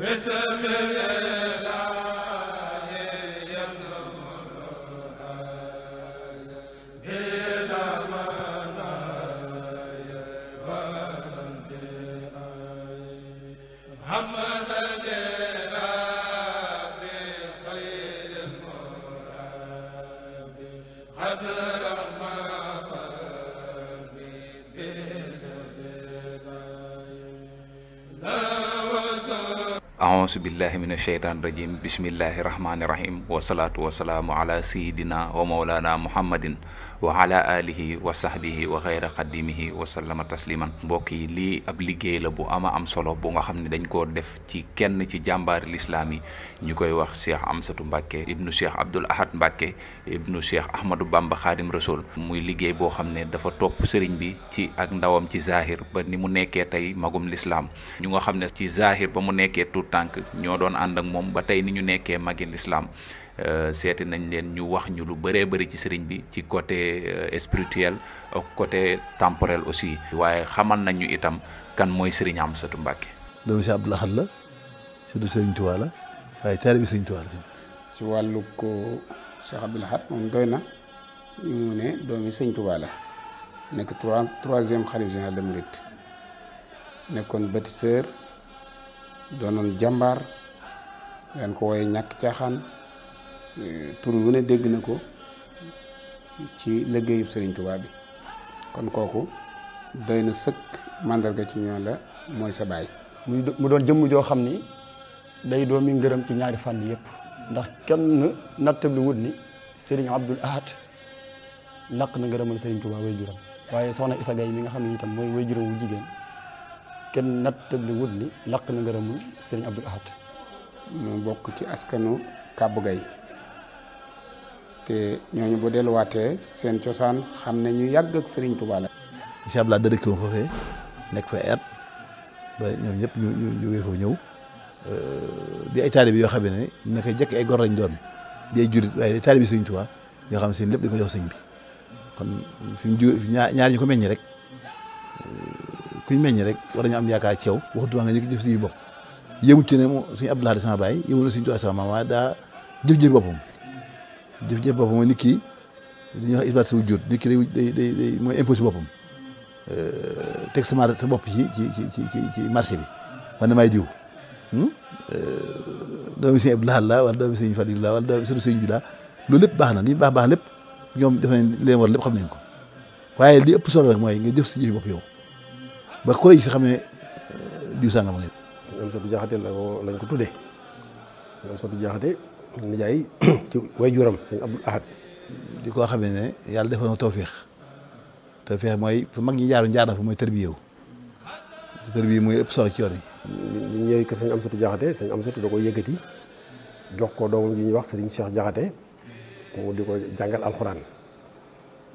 Besmele auzu billahi mina sheytaan rajim bismillahi rahmaani rahim wasalaatu wasalaamu ala sayidina wa mawlana muhammadin wa ala alihi wa sahbihi wa xayra xadimihi wa sallama tasliman mbokk yi lii ab liggéey la bu ama am solo bu nga xam ne dañ koo def ci kenn ci jàmbaari lislaam yi ñu koy wax cheikh amsatu mbàkke ibnu cheikh abdul ahad mbàkke ibnu cheikh ahmadou bamba xaadim rasul muy liggéey boo xam ne dafa topp sëriñ bi ci ak ndawam ci zahir ba ni mu nekkee tey magum lislaam ñu nga xam ne ci zahir ba mu nekkee tout tànk ñoo doon and ak mom ba tay ni ñu nekké magi l'islam euh, seeti nañ leen ñu wax ñu lu bëree bëri ci sëriñ bi ci côté euh, spirituel ak côté temporel aussi waaye xamal nañ ñu itam kan mooy sëriñ am Amsatu Mbàkke doomu si Abdou Lahad la surtout sëriñ tuwa la waaye bi sëriñ tuwa la ci wàllu ko Cheikh Abdou Lahad moom doy na ñu mu ne doomi sëriñ tuwa la nekk trois troisième xalif général de Mouride nekkoon bâtisseur doonoon jàmbaar daan ko woye ñàkk caaxaan euh, tur wu dégg na ko ci liggéeyub Sëriñ Tuubaa bi kon kooku doy na sëkk màndarga ci ñoo la mooy sa baay mu doon jëmm joo xam ni day doomi ngërëm ci ñaari fànn yëpp ndax kenn nattab lu wut ni Sëriñ Abdul Ahad laq na ngërëmal Sëriñ Tuubaa way juram waaye soxna Isa Gay mi nga xam ne itam mooy way juram wu jigéen kenn nat tëble wut ni laq na ngërëmul sëriñ Abdul Ahad mu bokk ci askanu Kàbbu Gay te ñooñu boo delluwaate seen cosaan xam ne ñu yàgg ak sëriñ Tuubaa la incha allah dara ko foofee nekk fa eet ba ñoom ñëpp ñu ñu jógee foofu ñëw di ay taalibe yoo xam ne naka jëkk ay gor lañ doon di ay jurit waaye ay taalibe sëriñ Tuubaa yoo xam ne seen lépp dañ ko jox sëñ bi kon fi mu ñaar ñu ko meññ rek kuñ meññ rek war nañu am yaakaar ci yow waxtu waa nga ñu ko jëf si bopp yëmu ci ne moom suñu Abdou Lahad sama baay yëmu na suñu Tuubaa sama maam waaye daa jëf-jëf boppam jëf-jëf mooy nit ki li ñuy wax isbaat sa ki day day day mooy imposé boppam teg sama sa bopp ci ci ci ci ci marché bi man damay diw hmm? doomi sëñ Abdou Lahad la wala doomi sëñ Fadil la wala doomi sëñ bi la loolu lépp baax na li baax baax lépp ñoom def xam nañ ko waaye li ëpp solo rek mooy nga jëf si jëfi bopp yow ba ku la gis xam ne euh, diw sàngam nga. am satu jaaxate la ko lañ ko tuddee am satu jaaxate nijaay ci juram sëñ Abdul Ahad di koo xamee ne yàlla defal na tawféex tawféex mooy fu mag ñi jaaru jaar na fa mooy tërbiyewu tërbiyewu mooy ëpp solo ci yoon yi. ñu ñëwee ko sëñ am satu jaaxate sañ am satu da koy yëkkati jox ko doomam ji ñuy wax sëriñ Cheikh Jaaxate mu di ko jàngal alxuraan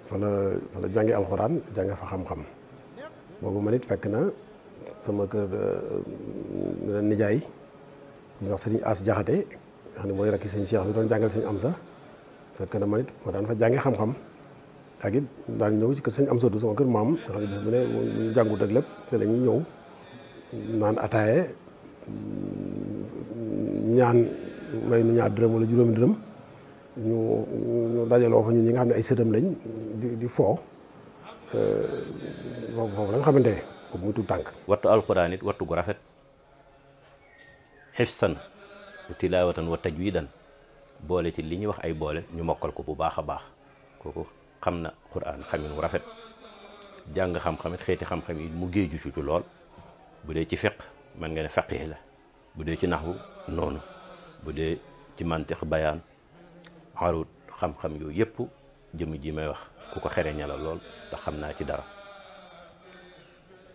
fa la fa la jànge alxuraan jàng fa xam-xam. boobu man it fekk na sama kër euh, nijaay ñu wax sëriñ As Jaxate nga xam ne mooy rakki sëñ Cheikh mi doon jàngal sëñ Amsa fekk na man it ma daan fa jànge xam-xam ak daan ñëw ci kër sëñ Amsa du sama kër maam nga xam ne bu ne ñu jàngut ak lépp te la ñuy ñëw naan ataaye ñaan way nu ñaar dërëm wala juróomi dërëm ñu dajaloo fa ñun ñi nga xam ne ay sëtam lañ di foo Euh, foofu la nga xamante ne boobu muy tànk wattu alxuraan it wattu gu rafet xifsan wa tilaawatan wa tajwidan boole ci li ñuy wax ay boole ñu mokkal ko bu baax a baax kooku xam na xuraan xamin wu rafet jàng xam-xamit xeeti xam-xam yi mu géeju ci lool bu dee ci fiq man nga ne faqih la bu dee ci nax naxwu noonu bu dee ci mantiq bayaan xarut xam-xam yooyu yëpp jëm ji may wax ku ko xereña la lool te xam naa ci dara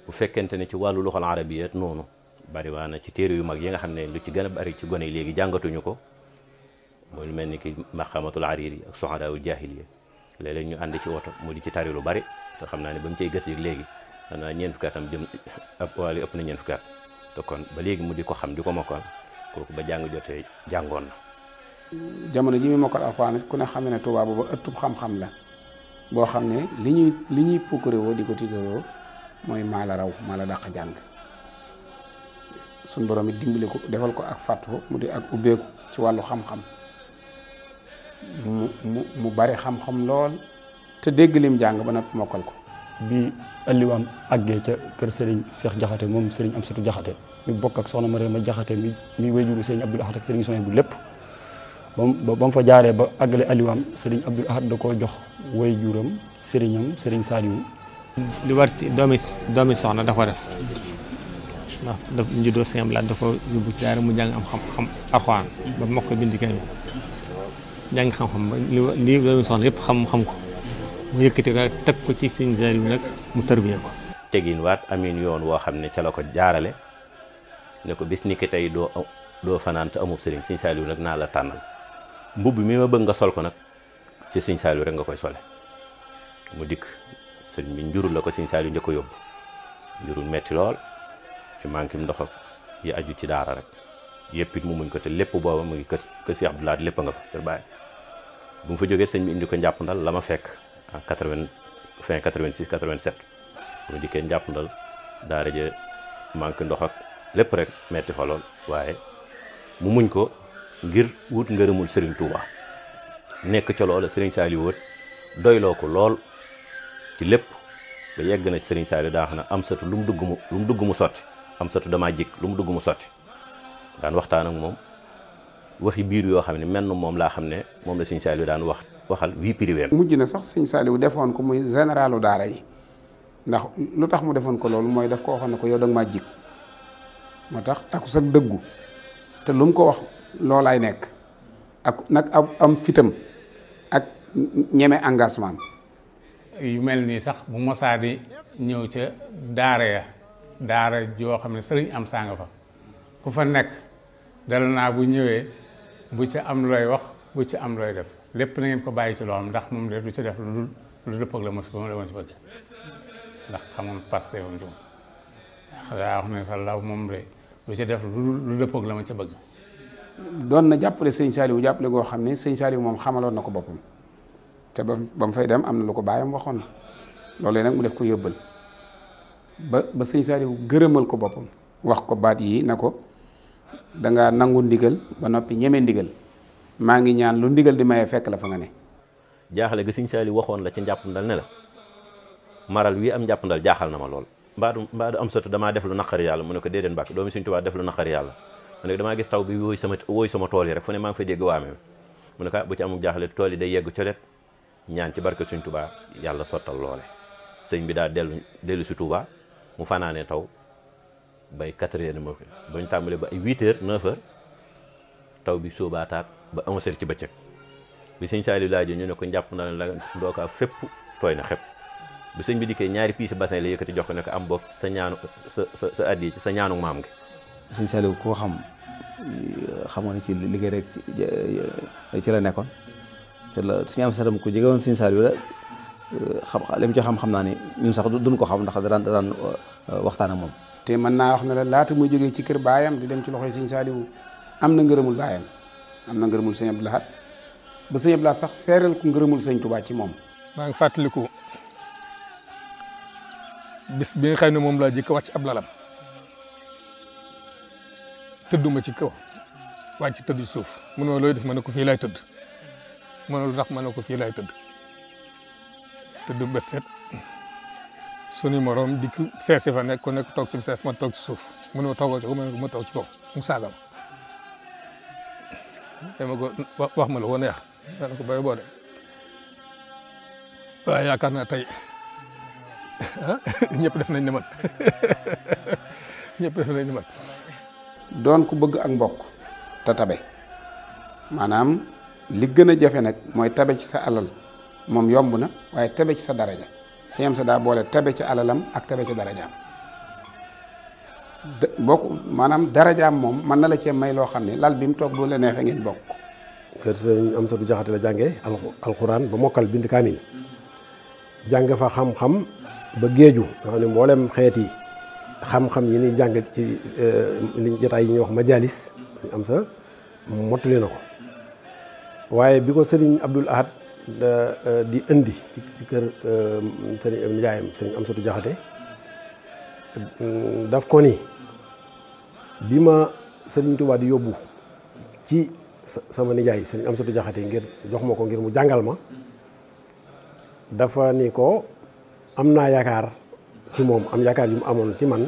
bu fekkente ne ci wàllu luxal arabiyat noonu bari waa na ci téere yu mag yi nga xam ne lu ci gën a bari ci gone yi léegi jàngatuñu ko mooy lu mel ni ki maqamatul ariri ak soxadaawul jahiliya léeg-léeg ñu ànd ci woto mu di ci tari lu bari te xam naa ne ba mu cay gës yi léegi xanaa ñeent fukki atam jëm ab ëpp na ñeent fukki te kon ba léegi mu di ko xam di ko mokkal kooku ba jàng jotee jàngoon na jamono ji mu mokkal alxuraan xam ne Tuubaa la bo xamne ne liñuy ñuy wo diko pukkare moy di raw mala la jang sun borom ko defal ko ak fatu mu di ak ubbeeku ci walu xam-xam mu mu bari xam-xam lol te dégg lim jang ba noppi mokal ko bi wam agge ca keur serigne Cheikh Jaxate moom am Amsatu Jaxate mi bok ak soxna Mariama Jaxate mi mi wayjuru serigne abdou Ahad ak serigne Soñe bu lepp ba ba mu fa jaaree ba àggale aliwaam sëriñ Abdul Ahad da koo jox woy juuram sëriñam sëriñ Saliou. li war ci doomi soxna dafa ko def ndax daf juddoo sëñ Abdul Ahad da ko yóbbu ci mu jàng am xam-xam Alxuraan ba mokk ko bind kay jàng yëpp xam-xam ko mu yëkkati ko teg ko ci sëñ Saliou nag mu tërbiyee ko. tegin waat amin yoon woo xam ne ca la ko jaarale ne ko bis ni ki tey doo doo fanaan te amub sëriñ sëñ Saliou nag naa la tànnal. mbubb mi ma bëgg nga sol ko nag ci sëñ Saliou rek nga koy sole mu dikk sëñ bi njurul la ko sëñ Saliou njëkk a yóbbu njurul metti lool ci mankim ndox ak yi aju ci daara rek yëpp it mu muñ ko te lépp booba mu ngi kës kësi Abdoulaye lépp nga fa kër bàyyi bu mu fa jógee sëñ bi indi ko njàpp ndal la ma fekk en quatre-vingt fin quatre-vingt-six quatre-vingt-sept mu dikkee njàpp ndal daara je manque ndox ak lépp rek metti fa lool waaye mu muñ ko ngir wut ngërëmul Serigne Touba nekk ca loola Serigne Saliou wët doyloo ko lool ci lépp ba yegg na Serigne Saliou daa xam ne am satu lu mu dugg mu lu dugg mu sotti am satu damaa jik lu mu dugg mu sotti daan waxtaan ak moom waxi biir yoo xam ne menn moom laa xam ne moom la Serigne Saliou daan wax waxal wii privé mujj na sax Serigne Saliou defoon ko muy généralu daara yi ndax lu tax mu defoon ko loolu mooy def ko waxoon ne ko yow da maa jik moo tax takku sa dëggu te lu mu ko wax loolaay nekk ak nag am fitam ak ñeme engagement yu mel nii sax bu mosaa di ñëw ca daara ya daara joo xam ne sëriñ am saa nga fa ku fa nekk dala naa bu ñëwee bu ca am looy wax bu ci am looy def lépp na ngeen ko bàyyi ci loo xam ndax moom de lu ci def lu lu dëpp ak la ma ndax xamoon pasté woon ci moom wax ne sa law moom def lu lu dëpp la ma ca bëgg doon na jàppale sëñ Saliou jàppale goo xam ne sëñ Saliou moom xamaloon na ko boppam te ba ba mu fay dem am na lu ko baayam waxoon loolu nag mu def ko yóbbal ba ba sëñ Saliou gërëmal ko boppam wax ko baat yii na ko danga nangu ndigal ba noppi ñeme ndigal maa ngi ñaan lu ndigal di maye fekk la fa nga ne. jaaxale ga sëñ Saliou waxoon la ci njàpp njàppandal ne la maral wii am njàppandal jaaxal na ma lool. mbaadu mbaadu am sotti damaa def lu naqari yàlla mu ne ko déedéet mbàkk def lu naqari yàlla. ma ne damaa gis taw bi wóoy sama wóoy sama tool yi rek fu ne maa ngi fa dégg waame mu ne ko ah, bu ci amul jaaxle tool yi day yegg colet ñaan ci barke suñ tubaa yàlla sottal loole sëñ bi daa dellu dellu si tubaa mu fanaanee taw bay 4 heures moo ko ba ñu tàmbalee ba ay 8 heures 9 taw bi sóobaataat ba 11 heures ci bëccëg bi sëñ Saliou laajee ñu ne ko njàpp na la ndookaa fépp tooy na xepp bi sëñ bi dikkee ñaari piisi bassin la yëkkati jox ko ne am bopp sa ñaanu sa sa sa addiya ci sa ñaanu maam gi sëñ Saliou koo xam xamoon na ci liggéey rek ci la nekkoon te la suñu am satam ku jege woon sëñ Saliou la xam li mu ci xam xam naa ne ñun sax duñ ko xam ndax daan daan waxtaan ak moom. te mën naa wax ne la laata muy jógee ci kër bayam di dem ci loxoy sëñ Saliou am na ngërëmul bayam am na ngërëmul sëñ Abdou Lahad ba sëñ Abdou Lahad sax seeral ku ngërëmul sëñ Touba ci moom. maa ngi fàttaliku bis bi nga xam ne moom laa jëkk wax tëdduma ci kaw wàcc ci tëdd suuf mu ne ma looy def ma ne ko fii laay tëdd mu ne lu ma ne ko fii laay tëdd tëdd bët set suñu morom dikk seesi fa nekk ku toog ci sees ma toog ci suuf mu ma toogoo ci kaw ma ne ko ci kaw mu saaga ma dama ko wax ma la ko neex ma ne ko bay boo de yaakaar naa tey ñëpp def nañ ne man ñëpp def nañ ne man doon ku bëgg ak mbokk te tabe maanaam li gën a jafe nag mooy tabe ci sa alal moom yomb na waaye tabe ci sa daraja si am sa daa boole tabe ci alalam ak tabe ci darajaam boo ko maanaam darajaam moom mën na la cee may loo xam ne lal bi mu toog bu la neexee ngeen bokk. kër sëriñ sa du jaxate la jàngee alxuraan ba mokkal bind kaamil jàng fa xam-xam ba géeju nga xam ne mboolem xeet yi xam-xam yi ñuy jàng ci euh, li jotaay yi ñuy wax majalis am sa mottali na ko waaye bi ko sëriñ Abdul Ahad euh, di indi ci kër euh, sëriñ nijaayam sëriñ Amsatu Jaxate daf ko ni bi ma sëriñ Tuubaa di yóbbu ci sama nijaay sëriñ Amsatu Jaxate ngir jox ma ko ngir mu jàngal ma dafa ni ko am naa yaakaar ci moom am yaakaar yu mu amoon ci man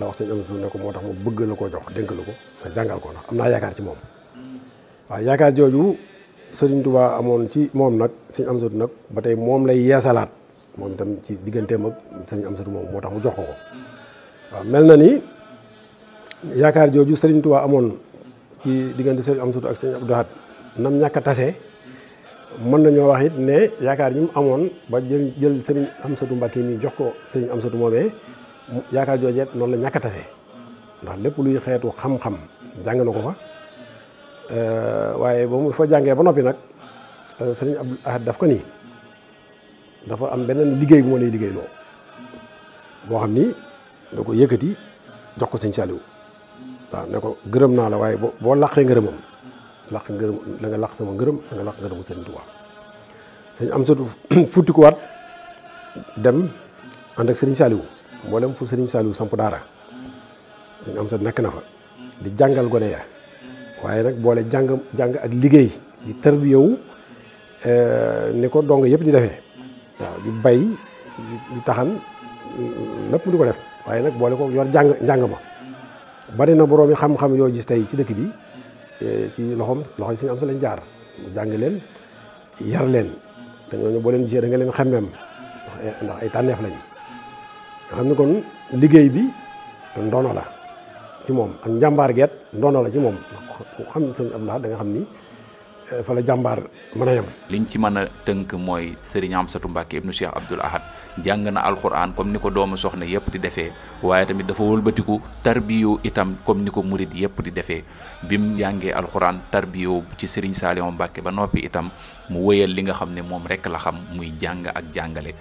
la wax sëñ Amsatou ne ko moo tax mu bëgg la koo jox dénk la ko ma jàngal ko ndax am naa yaakaar ci moom waaw yaakaar jooju sëriñ Touba amoon ci moom nag sëñ Amsatou nag ba tey moom lay yeesalaat moom itam ci digganteem ak sëriñ Amsatou moo tax mu jox ko ko waaw mel na ni yaakaar jooju sëriñ Touba amoon ci diggante sëriñ Amsatou ak sëriñ Abdou Lahad nam ñàkk tase mën nañoo wax it ne yaakaar ñi mu amoon ba jël jël sëriñ Amsatu Mbàkke nii jox ko sëriñ Amsatu moomee yaakaar joojeet noonu la ñàkk a tase ndax lépp luy xeetu xam-xam jàng na ko fa euh, waaye ba mu fa jàngee ba noppi nag euh, sëriñ ab Ahad daf ko nii dafa am beneen liggéey bu ma lay liggéey loo boo xam ni da ko yëkkati jox ko sëñ Saliou ne ko gërëm naa la waaye boo laqee ngërëmam laq ngeureum la nga laq sama ngeureum nga laq ngërëmu sëriñ Tuuba sëñ am ko wat dem and ak seigne Saliou mbolam fu seigne Saliou samp dara seigne am sut nekk na fa di jangal gone ya waye nak boole jang jang ak liggéey di euh ni ko dong yëpp di defee di bay di taxan lépp di ko def waye nak boole ko yor jang njàng ma bari na boroomi xam-xam yo gis tay ci dëkk bi ci loxoom loxo si suñu am sa lañ jaar mu jàng leen yar leen te ñooñu boo leen gisee da nga leen xemmeem ndax ay tànneef lañ nga xam ne kon liggéey bi ndono la ci moom ak njàmbaar geet ndono la ci moom ku xam sëñ Abdou Lahad da nga xam ni eh, fa la jàmbaar mën a yem liñ ci mën a tënk mooy Serigne Amsatou Mbacké ibnu Cheikh Abdoul Ahad jàng na alxuraan comme ni ko doomu soxna yëpp di defee waaye tamit dafa wëlbatiku tarbiyo itam comme ni ko murit yëpp di defee bi mu jàngee alxuraan tarbiyo ci Serigne Saliou Mbacke ba noppi itam mu wëyal li nga xam ne moom rek la xam muy jàng ak jàngale.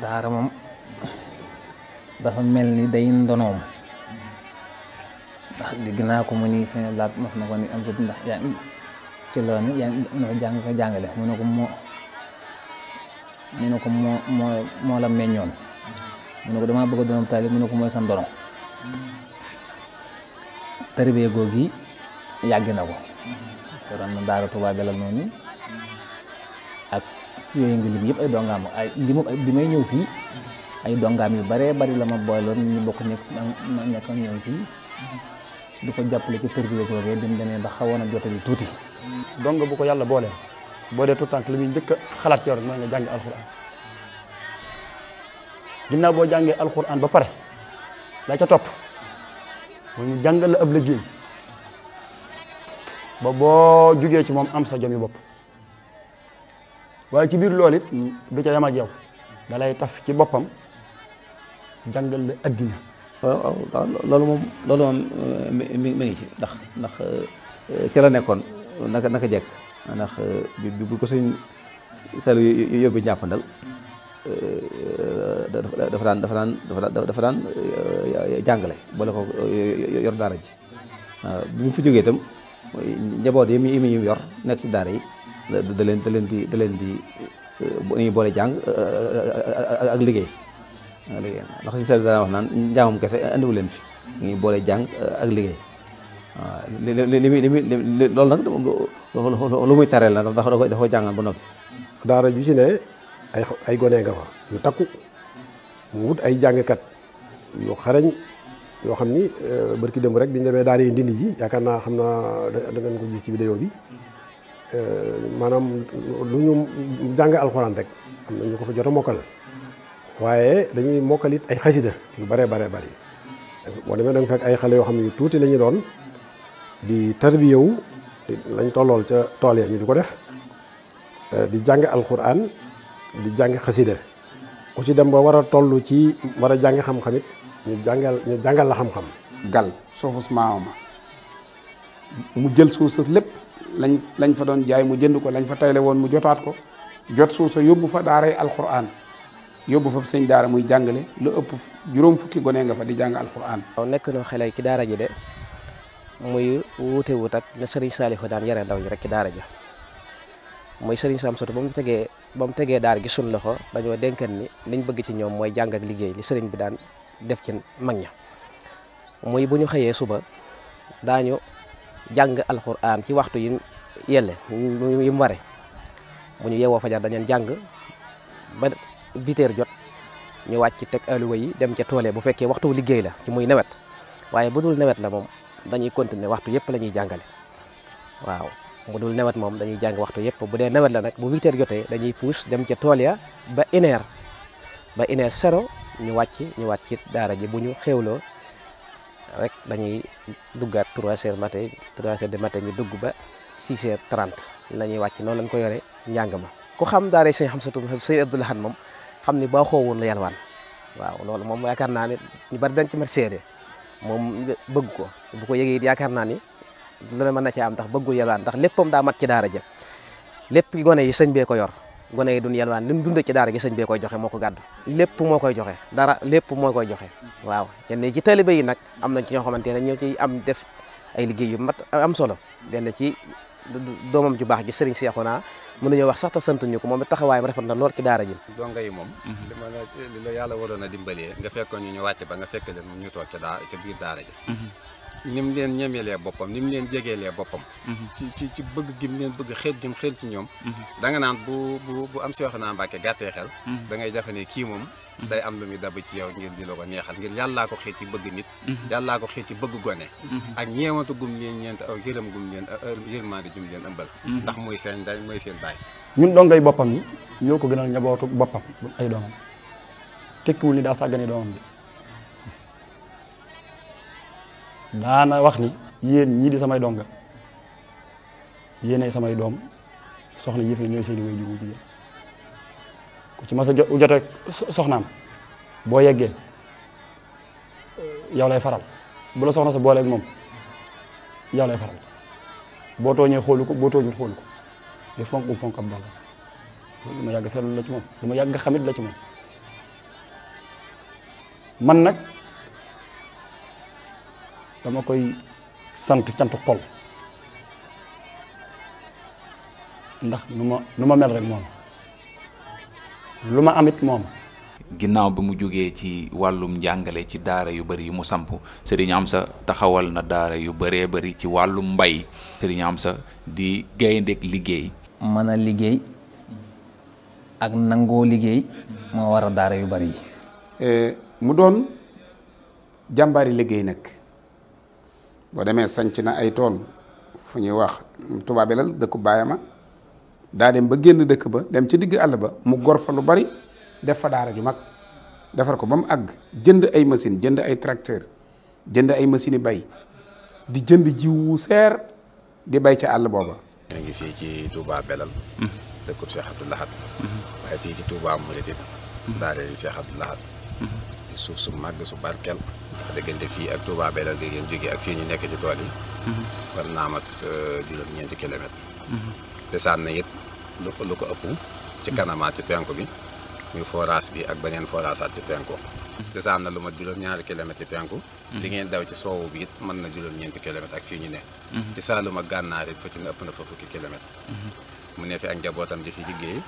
daara moom dafa mel ni day ndonoom ndax dégg naa ko mu ni seen laat mas na ko ni am ndax yaa ngi ci yaa ngi mu ne ko jàng ko jàngale moo mu ne ko moo moo moo la meñoon mu ne ko damaa bëgg a doon taalib mu ne ko mooy sa ndono tarbiyee gi yàgg na ko te doon na daara Tuubaa Belal noonu ak yoy ngi lim yëpp ay dongam ay limu bi may ñew fi ay dongam yu bare bare lama ma ñu bokk nek ma nek ak ñoom fii di ko jàppale ci tërbiye googee bi dem dene ba xawona jotali tuti dong bu ko yalla bolé boo dee tuutànk limi muy xalat ci yor mo nga jang alxuraan ginnaaw bo jangé alxuraan ba pare la ca top mo ñu jàngal la ab liggéey ba bo jugee ci mom am sa jomi bop waaye ci biir loolu it du ca yam ak yow da lay taf ci boppam jàngal la addina. waaw waaw loolu moom loolu moom euh, mi mi ngi ci ndax ndax euh, ci la nekkoon naka naka jekk ndax euh, bi bu ko suñ sel yóbbu jàppandal dafa daan dafa daan dafa daan jàngale boole ko yor daara ji waaw bi mu fi jógee itam njaboot yi mu yi mu yor nekk ci daara yi. da leen da leen di daleen leen di eh, dañuy boole jàng eh, eh, ak liggéey liggéey ndax suñu seetlu daan wax naan njàngum kese andiwu leen fi dañuy boole jàng ak liggéey waaw li li li muy loolu nag lu muy tareel la ndax da koy da koy jàngal ba noppi. daara ju ci ne ay ay gone nga fa ñu takku mu wut ay jàngkat yu xarañ yoo xam ni barki démb rek bi ñu demee daara yi ndindi ji yaakaar naa xam naa da ngeen ko gis ci vidéo bi. Eh, manam lu ñu Al alxuraan rek am na ko fa jot a mokkal waaye dañuy mokkal it ay xasida yu bare bare bari boo demee da nga fekk ay doon di terbiu, lañ tolol ca tool ya ñu di ko def eh, di jàng di jàng xasida ku ci dem ba war a toll ci war a xam-xam ñu jàngal ñu jàngal la xam-xam. gal soo maama mu jël suuf lañ lañ fa doon jaay mu jënd ko lañ fa tayle woon mu jotaat ko jot suuf sa yóbbu fa daaray alquran yóbbu fa sëñ daara muy jàngale lu ëpp juróom fukki gone nga fa di jàng alquran. waaw nekk noo xale ci daara ji de muy wuute wut ak ne Serigne Saliou daan yare ndaw ñi rek ci daara ji muy Serigne Samsatu ba mu tegee ba mu tegee daara gi suñ loxo dañoo dénkan ni liñ bëgg ci ñoom mooy jàng liggéey ni Serigne bi daan def ci mag ña muy bu ñu xëyee suba daañu. jàng alxuraan ci waxtu yi yelle yi mu ware bu ñu yeewoo fajar dañeen jàng ba biteer jot ñu wàcc teg aluwa yi dem ca tool bu fekkee waxtu liggéey la ci muy nawet waaye bu dul nawet la moom dañuy continuer waxtu yëpp lañuy jàngale waaw bu dul nawet moom dañuy jàng waxtu yëpp bu dee nawet la nag bu huit jotee dañuy puus dem ca tool ya ba une ba une heure ñu wàcc ñu wàcc ci daara ji bu ñu loo rek dañuy duggaat 3 heures matin 3 heures de matin ñu dugg ba 6 heures 30 la ñuy wàcc noonu lañ ko yore njàng ma ku xam daara sëñ Xamsatu sëñ Abdul Ahad moom xam ni baaxoo woon la yalwaan waaw loolu moom yaakaar naa ne ñu bari dañ ci mat seede moom bëgg ko bu ko yëgee it yaakaar naa ni dina mën na ci am ndax bëggul yalwaan ndax léppam daa mat ci daara ja lépp gone yi sëñ bee ko yor gone yi duñ yelwaan li mu dund ci daara gi sëñ bee koy joxe moo ko gàddu lépp moo koy joxe dara lépp moo koy joxe waaw yenn ci taalibe yi nag am na ci ñoo xamante ne ñoo ciy am def ay liggéey yu mat am solo benn ci doomam ju baax ji sëriñ Seexuna mën nañoo wax sax te sant ñu ko moom it taxawaayam rafet na lool ci daara ji donga yi moom li yàlla waroon a dimbalee nga fekkoon ñu ñu wàcc ba nga fekk leen ñu toog ci daa ci biir daara ji ni mu leen ñemelee boppam ni mu leen lee boppam. Mhm. ci ci ci bëgg gi mu leen bëgg xeet gi mu ci ñoom. Mhm. danga naan bu bu bu am si wax naa Mbàkke gàttee xel. Mhm. da ngay defe ne kii moom. day am lu muy dab ci yow ngir di la ko neexal ngir yàllaa ko xeet ci bëgg nit. yàllaa ko xeet ci bëgg gone. ak ñeewantu gum leen ñeent aw yërëm gum leen yërmaande jum leen ëmbal. ndax mooy seen day mooy seen baay. ñun dongay boppam yi ñoo ko gënal ñabootu boppam ay doomam tekkiwul ni daa sàggane doomam bi daana wax ni yéen ñii di samay donga yéenay samay doom soxna yëf na ñooy seeni way jur wu jigéen ku ci mas a jote soxnaam boo yeggee yow lay faral bu soxna sa booleeg moom yow lay boo tooñee xoolu ko boo tooñul xoolu ko te fonkum fonk ab donga lu ma yàgg seetlu la ci moom lu ma yàgg xamit la ci moom man nag dama koy sant cantu xol ndax nu ma nu ma mel rek moom lu ma amit moom ginnaaw bi mu jógee ci wàllum njàngale ci daara yu bari yu mu samp Serigne sa taxawal na daara yu bëree bari ci wàllum mbay Serigne sa di gayndeek liggéey mën a liggéey ak nangoo liggéey moo war a daara yu bari yi eh, mu doon jàmbaari liggéey nag boo demee sanc na ay tool fu ñuy wax tubaabelal dëkku baayama daa dem ba génn dëkk ba dem ci digg àll ba mu gor fa lu bari def fa daara ju mag defar ko ba mu àgg jënd ay machine jënd ay tracteur jënd ay machine bay di jënd jiwu seer di bay ca àll booba ñu ngi fi ci Touba Belal mm-hmm. dëkkub Cheikh Abdou mm-hmm. waaye fii ci Touba Mouridine mm-hmm. daara yi Cheikh Abdou Lahad di suuf su màgg su barkeel diggante fii ak Touba Belel gi ngeen ak fii ñu nekk ci tool yi war mm-hmm. ma ak euh, juróom-ñeenti kilomètre mm-hmm. desaan na it lu ko lu ko ëpp ci mm-hmm. kanamaat ci penku bi muy forage bi ak beneen foraasaat ci penku desaan na lu ma juróom-ñaari kilomètres ci penku li ngeen daw ci soowu bi it mën na juloon ñeenti kilomètre ak fii ñu ne ci Saalum ak gànnaar it fa ci ne ëpp na fa fukki kilomètre mu ne fi ak njabootam di fi liggéey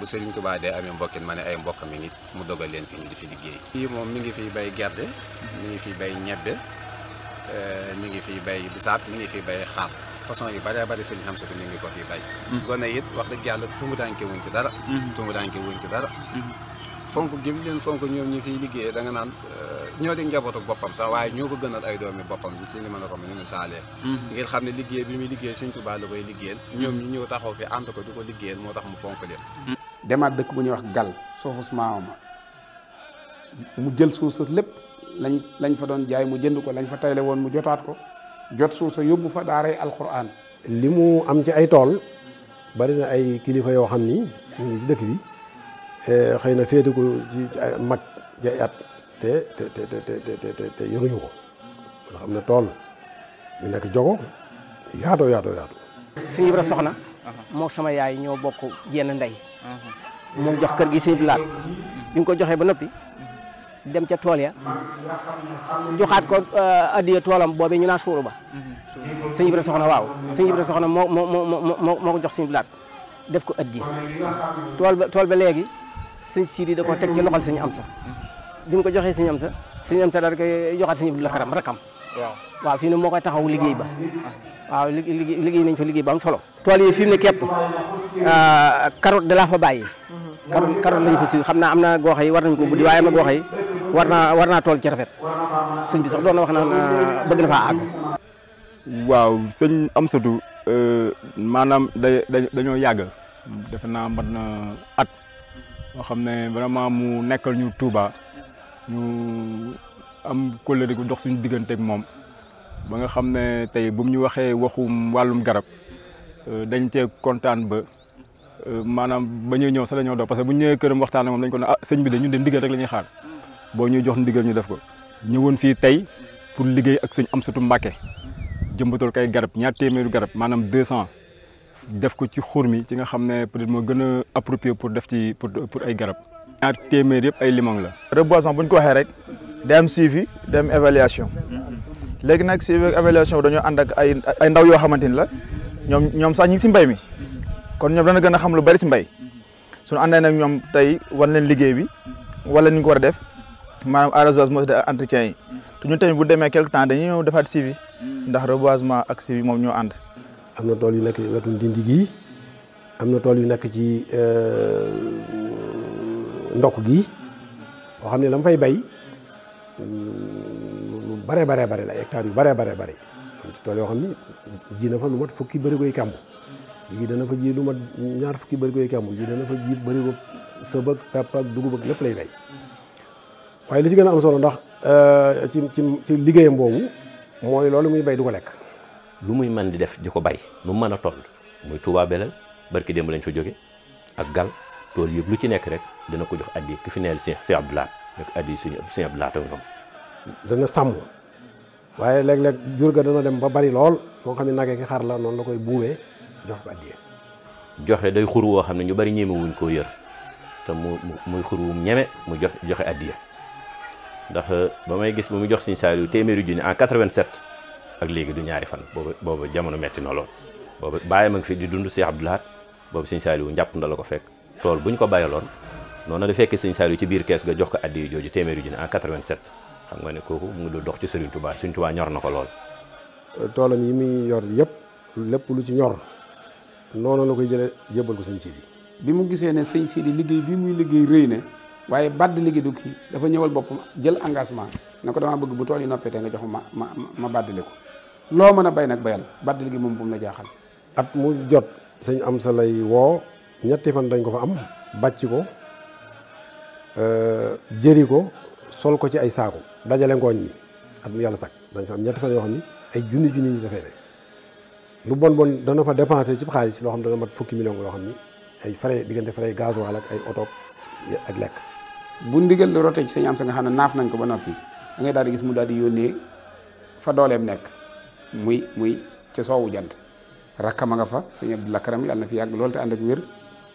bu Serigne Touba dee amee mbokkin ma ne ay mbokkam yi nit mu dogal leen fi ñu di fi liggéey. fii moom mi ngi fiy bay gerte mi ngi fiy bay ñebbe euh, mi ngi fiy bay bisaab mi ngi fiy bay xaal façon yi bëree bëri Serigne Hamsatou mi ngi ko fiy bay. Hmm. gone it wax dëgg yàlla tumbudaanke wuñ ci dara. Hmm. tumbudaanke wuñ ci dara. Hmm. fonk gim leen fonk ñoom ñi fiy liggéeyee da nga naan euh, ñoo di njabootu boppam sax waaye ñoo ko gënal ay doomi boppam ci li mën a ko mu ne saalee hmm. ngir xam ne liggéey bi muy liggéey Sëñ Tuubaa la koy liggéeyal hmm. ñoom ñi ñëw taxaw fi ànd ko di ko liggéeyal moo tax mu fonk leen hmm. demaat dëkk bu ñu wax gal soofus maama mu jël suuf sa lépp lañ lañ fa doon jaay mu jënd ko lañ fa tayle woon mu jotaat ko jot suuf sa yóbbu fa daaray alxuraan li mu am ci ay tool bari na ay kilifa yoo xam ni dëkk bi xëy na féete ko ci mag ja at te te te te te te yoruñu ko ndax am na tool ñu nekk jogo yaatoo yaatoo yaatoo. suñu Ibra soxna. moo sama yaay ñoo bokk jenn ndey. moom jox kër gi sëñ laat bi ñu ko joxee ba noppi. dem ca tool ya joxaat ko euh, addiya toolam boobu ñu naan suuru ba. sëñ Ibra soxna waaw sëñ Ibra soxna moo moo moo moo ko jox sëñ laat def ko addiya tool ba tool ba léegi. sëñ Sidi da koo teg ci loxol sëñ Amsa bi mu ko joxee sëñ Amsa sëñ Amsa daal di koy joxaat sëñ Abdoulaye Karam rakam waaw waaw fii ne moo koy taxaw liggéey ba waaw liggéey nañ fa liggéey ba am solo tool yi fi mu euh, da laa fa bàyyi carotte carotte lañu fa si xam naa am na goox yi war nañ ko buddi na goox naa war naa tool ci rafet sëñ bi sax doon na wax na euh, bëgg na faa àgg waaw sëñ Amsatu euh, da dañoo yàgg defe naa mën at yoo xam ne vraiment mu nekkal ñu Touba ñu am kóllëre gu dox suñu digganteeg moom ba nga xam ne tey bu mu ñu waxee waxum wàllum garab euh, dañ cee kontaan ba euh, maanaam ba ñuy ñëw sax dañoo dox parce bu ñu ñëwee këram waxtaan ak moom dañ ko ne ah sëñ bi de ñun de ndigal rek la ñuy xaar boo ñuy jox ndigal ñu def ko. ñëwoon fii tey pour liggéey ak sëñ am Amsatou Mbacké jëmbatul kay garab ñaar téeméeri garab maanaam 200. def ko ci xur mi ci nga xam ne peut-être moo gën a approprié pour def ci pour ay garab. ñaar téeméer yëpp ay limon la. reboisement bu ñu ko waxee rek day am suivi day am évaluation léegi nag suivi ak évaluation dañoo ànd ak ay ay ndaw yoo xamante ni la ñoom ñoom sax ñu si mbay mi kon ñoom dana gën a xam lu bari si mbay suñu àndee nag ñoom tey war leen liggéey bi wala ni ñu ko war a def maanaam arrosage de entretien yi te ñun tamit bu demee quelque temps dañuy ñëw defaat suivi ndax reboisement ak moom ñoo ànd. am na tool yu nekk wetu ndindi gii am na tool yu nekk ci euh, ndokk gii boo xam ne la mu fay bay lu bare bare bare la hectares yu bare bare bare am tool yoo xam ne ji na fa lu mat fukki bëri koy kàmb dana fa ji lu mat ñaar fukki bëri koy kàmb yi dana fa ji bëri ko sëb ak dugub ak lay bay waaye li ci gën a am solo ndax euh, ci ci ci liggéeyam boobu mooy loolu muy bay du ko lekk lu muy man di def diko bay nu meuna a toll muy Touba belal barki dem lañ ci joge ak gal tol yeb lu ci nek rek dana ko jox addi ki fi neel cheikh cheikh abdullah nek addi suñu cheikh abdullah taw ñoom dana sam waye leg leg jur ga dana dem ba bari lol ko xamni nagge ki xar la non la koy buwe jox ko addi joxe day xuru wo xamni ñu bari ñeme wuñ ko yeer te mu muy xuru mu ñeme mu jox joxe addi ndax ba may gis bu mu jox seigne saal téméru téeméeri en 87 ak léegi du ñaari fan boobu boobu jamono metti na lool boobu bàyyi ma ngi fi di dund Cheikh Abdou Lahad boobu sëñ Saliou njàpp nda la ko fekk tool bu ñu ko bàyyaloon noonu la fekkee sëñ Saliou ci biir kees ga jox ko addi jooju téeméeri junni en 87 xam nga ne kooku mu ngi doon dox ci Serigne Touba Serigne Touba ñor na ko lool euh, toolam yi muy yor yëpp lépp lu ci ñor noonu la koy jëlee jébbal ko sëñ Sidi bi mu gisee ne sëñ Sidi liggéey bi muy liggéey rëy na waaye badd liggéey du kii dafa ñëwal boppam jël engagement ne ko damaa bëgg bu tool yi noppee te nga jox ma ma ma baddale ko loo mën a bay nag bayal baddil gi moom bu mu la jaaxal. at mu jot sëñ am sa lay woo ñetti fan dañ ko fa am bàcc ko euh, jëri ko sol ko ci ay saako dajale ngooñ mi at mu yàlla sakk dañ fa am ñetti fan yoo xam ni ay junni junni ñu dafay ne lu bon bon dana fa dépensé ci xaalis loo xam dana mat fukki million yoo xam ni ay frais diggante frais gasoil ak ay oto ay lekk. bu ndigal lu rotee ci sëñ am sa nga xam ne naaf nañ ko ba noppi da ngay daal di gis mu daal di yónnee fa dooleem nekk. muy muy ca soowu jant rakkam a nga fa sëñ Abdou Lakaram yàlla na fi yàgg lool te ànd ak wér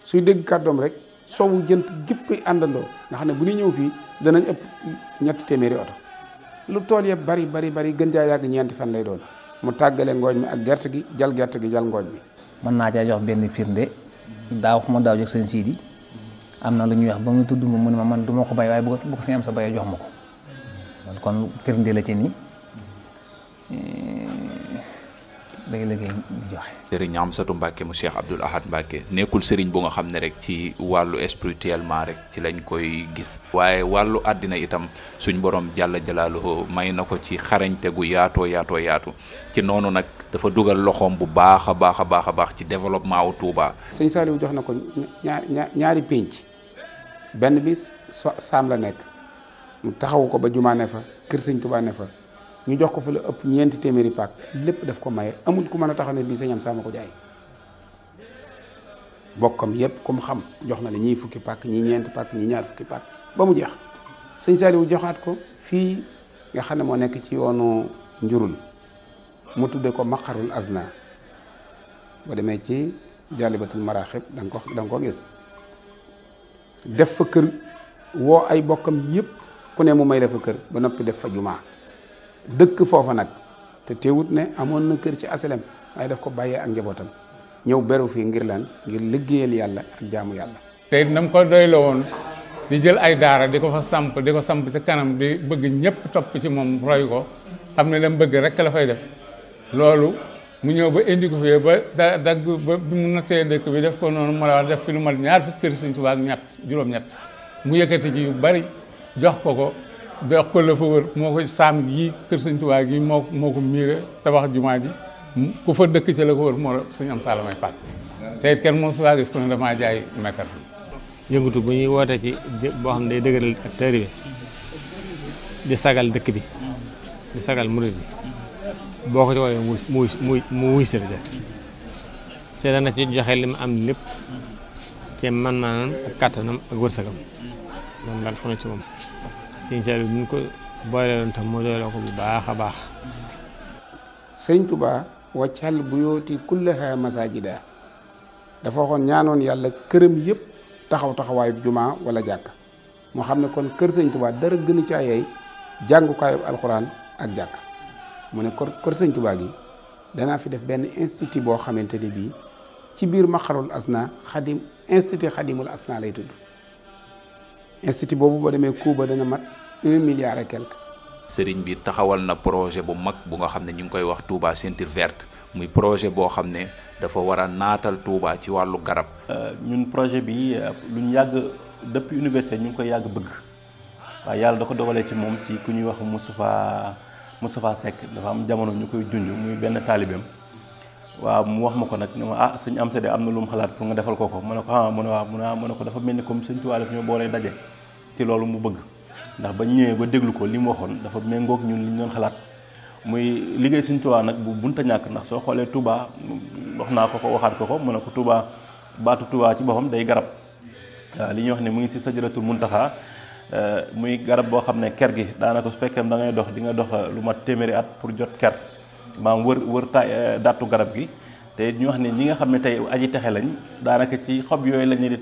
suy dégg kàddoom rek soowu jant gépp àndandoo nga xam ne bu ñuy ñëw fii danañ ëpp ñetti téeméeri oto lu tool yëpp bari bari bari gën jaa yàgg ñeenti fan lay doon mu tàggale ngooñ mi ak gerte gi jal gerte gi jal ngooñ mi mën naa caa jox benn firnde daaw xuma daaw jox seen siidi am na lu ñuy wax ba mu tudd ma mu ne ma man du ma ko bay waaye bu ko bu ko sëñ am sa bayee jox ma ko kon firnde la ci nii da ngay liggéey di joxe. Serigne Amsatou Mbacke mu Cheikh Abdoul Ahad Mbacke nekkul Serigne bu nga xam ne rek ci wàllu spirituellement rek ci lañ koy gis. waaye wàllu àddina itam suñ borom jàlla jalaaluhu may na ko ci xarañte gu yaatoo yaatoo yaatu ci noonu nag dafa dugal loxoom bu baax a baax a baax a baax ci développement wu Touba. sëñ Saliou jox na ko ñaari pénc benn bi saam la nekk mu taxawu ko ba jumaa fa kër sëñ Touba ne fa. ñu jox ko fa la ëpp ñeenti téeméeri paak lépp daf ko maye amul ku mën a taxaw ne bii sëñam saa ma ko jaay bokkam yépp ku mu xam jox na la ñii fukki paak ñii ñeenti pak ñii ñaar fukki paak ba mu jeex sëñ joxaat ko fii nga xam ne moo nekk ci yoonu njurul mu tudde ko azna boo demee ci jalibatul dan da nga ko da nga ko gis def fa kër woo ay bokkam yépp ku ne mu may la fa kër ba noppi def fa jumaa dëkk foofa nag te teewut ne amoon na kër ci asalem ay def ko bàyyee ak njabootam ñëw beru fii ngir lan ngir liggéeyal yàlla ak jaamu yàlla. te nam ko doyloo woon di jël ay daara di ko fa samp di ko samp ci kanam di bëgg ñëpp topp ci moom roy ko xam ne dam bëgg rek la fay def loolu mu ñëw ba indi ko fii ba da dagg ba bi mu nattee ndëkk bi def ko noonu ma la wax def fi nu mat ñaar fukki kër Sëñ Tuubaa ak ñett juróom-ñett mu yëkkati ji yu bari jox ko ko. dox ko la fa wër moo ko saam gi kër sëñ Tuubaa gi moo moo ko miire tabax jumaa ji ku fa dëkk ci la ko wër moo la sëñ am saalamay pat te it kenn mosu faa gis ku ne damaa jaay meetar yëngatu bu ñuy woote ci boo xam ne day dëgëral ak taalibe di sagal dëkk bi di sagal murid yi boo ko ci mu mu mu mu wuy si la ca te dana ci joxe li mu am lépp te man maanaam ak kàttanam ak wërsëgam man daal xam ci moom sëñ Saliou bu ñu ko booleeloon tam mu doyloo ko bu baax a baax sëñ sëriñ Tuubaa waccal buyooti kullaha masajida dafa waxoon ñaanoon yàlla këram yépp taxaw taxawaayu jumaa wala jàkk moo xam ne kon kër sëñ Tuubaa dara gënu ci ayay jàngukaayu alxuraan ak jàkk mu ne kër sëñ Tuubaa gi danaa fi def benn institut boo xamante ni bii ci biir maqarul asna xadim institut xadimul asna lay tudd institut boobu ba demee Kuuba dana mat un milliard et quelque. sëriñ taxawal na projet bu mag bu nga xam ne ñu ngi koy wax Touba ceinture verte muy projet boo xam ne dafa war a naatal Touba ci wàllu garab. Euh, ñun projet bi euh, lu ñu yàgg depuis université ñu ngi koy yàgg bëgg waaye yàlla da ko dogalee ci moom ci ku ñuy wax Moustapha Moustapha Seck dafa am jamono ñu koy junj muy benn taalibeem waa mu wax ma ko nag ne ma ah suñu am sa de am na lu mu xalaat pour nga defal ko ko ma ne ko ah mu ne waaw mu ah, ko dafa mel ni comme suñu tubaab daf ñoo boolee daje ci loolu mu bëgg. ndax bañ ñëwee ba déglu ko li mu waxoon dafa méngoog ñun lu ñu doon xalaat muy liggéey Sëñ Tuubaa nag bu bunta ñàkk ndax soo xoolee Tuubaa wax naa ko ko waxaat ko ko mu ne ko tubaa baatu tubaa ci boppam day garab waaw li ñuy wax ne mu ngi si sajaratul muntaxaa euh, muy garab boo xam ne ker gi daanaka su fekkee da ngay dox di nga dox lu mat téeméeri at pour jot ker maam wër wër ta euh, dattu garab gi te ñu wax ne ñi nga xam ne tey aji texe lañ daanaka ci xob yooyu lañu di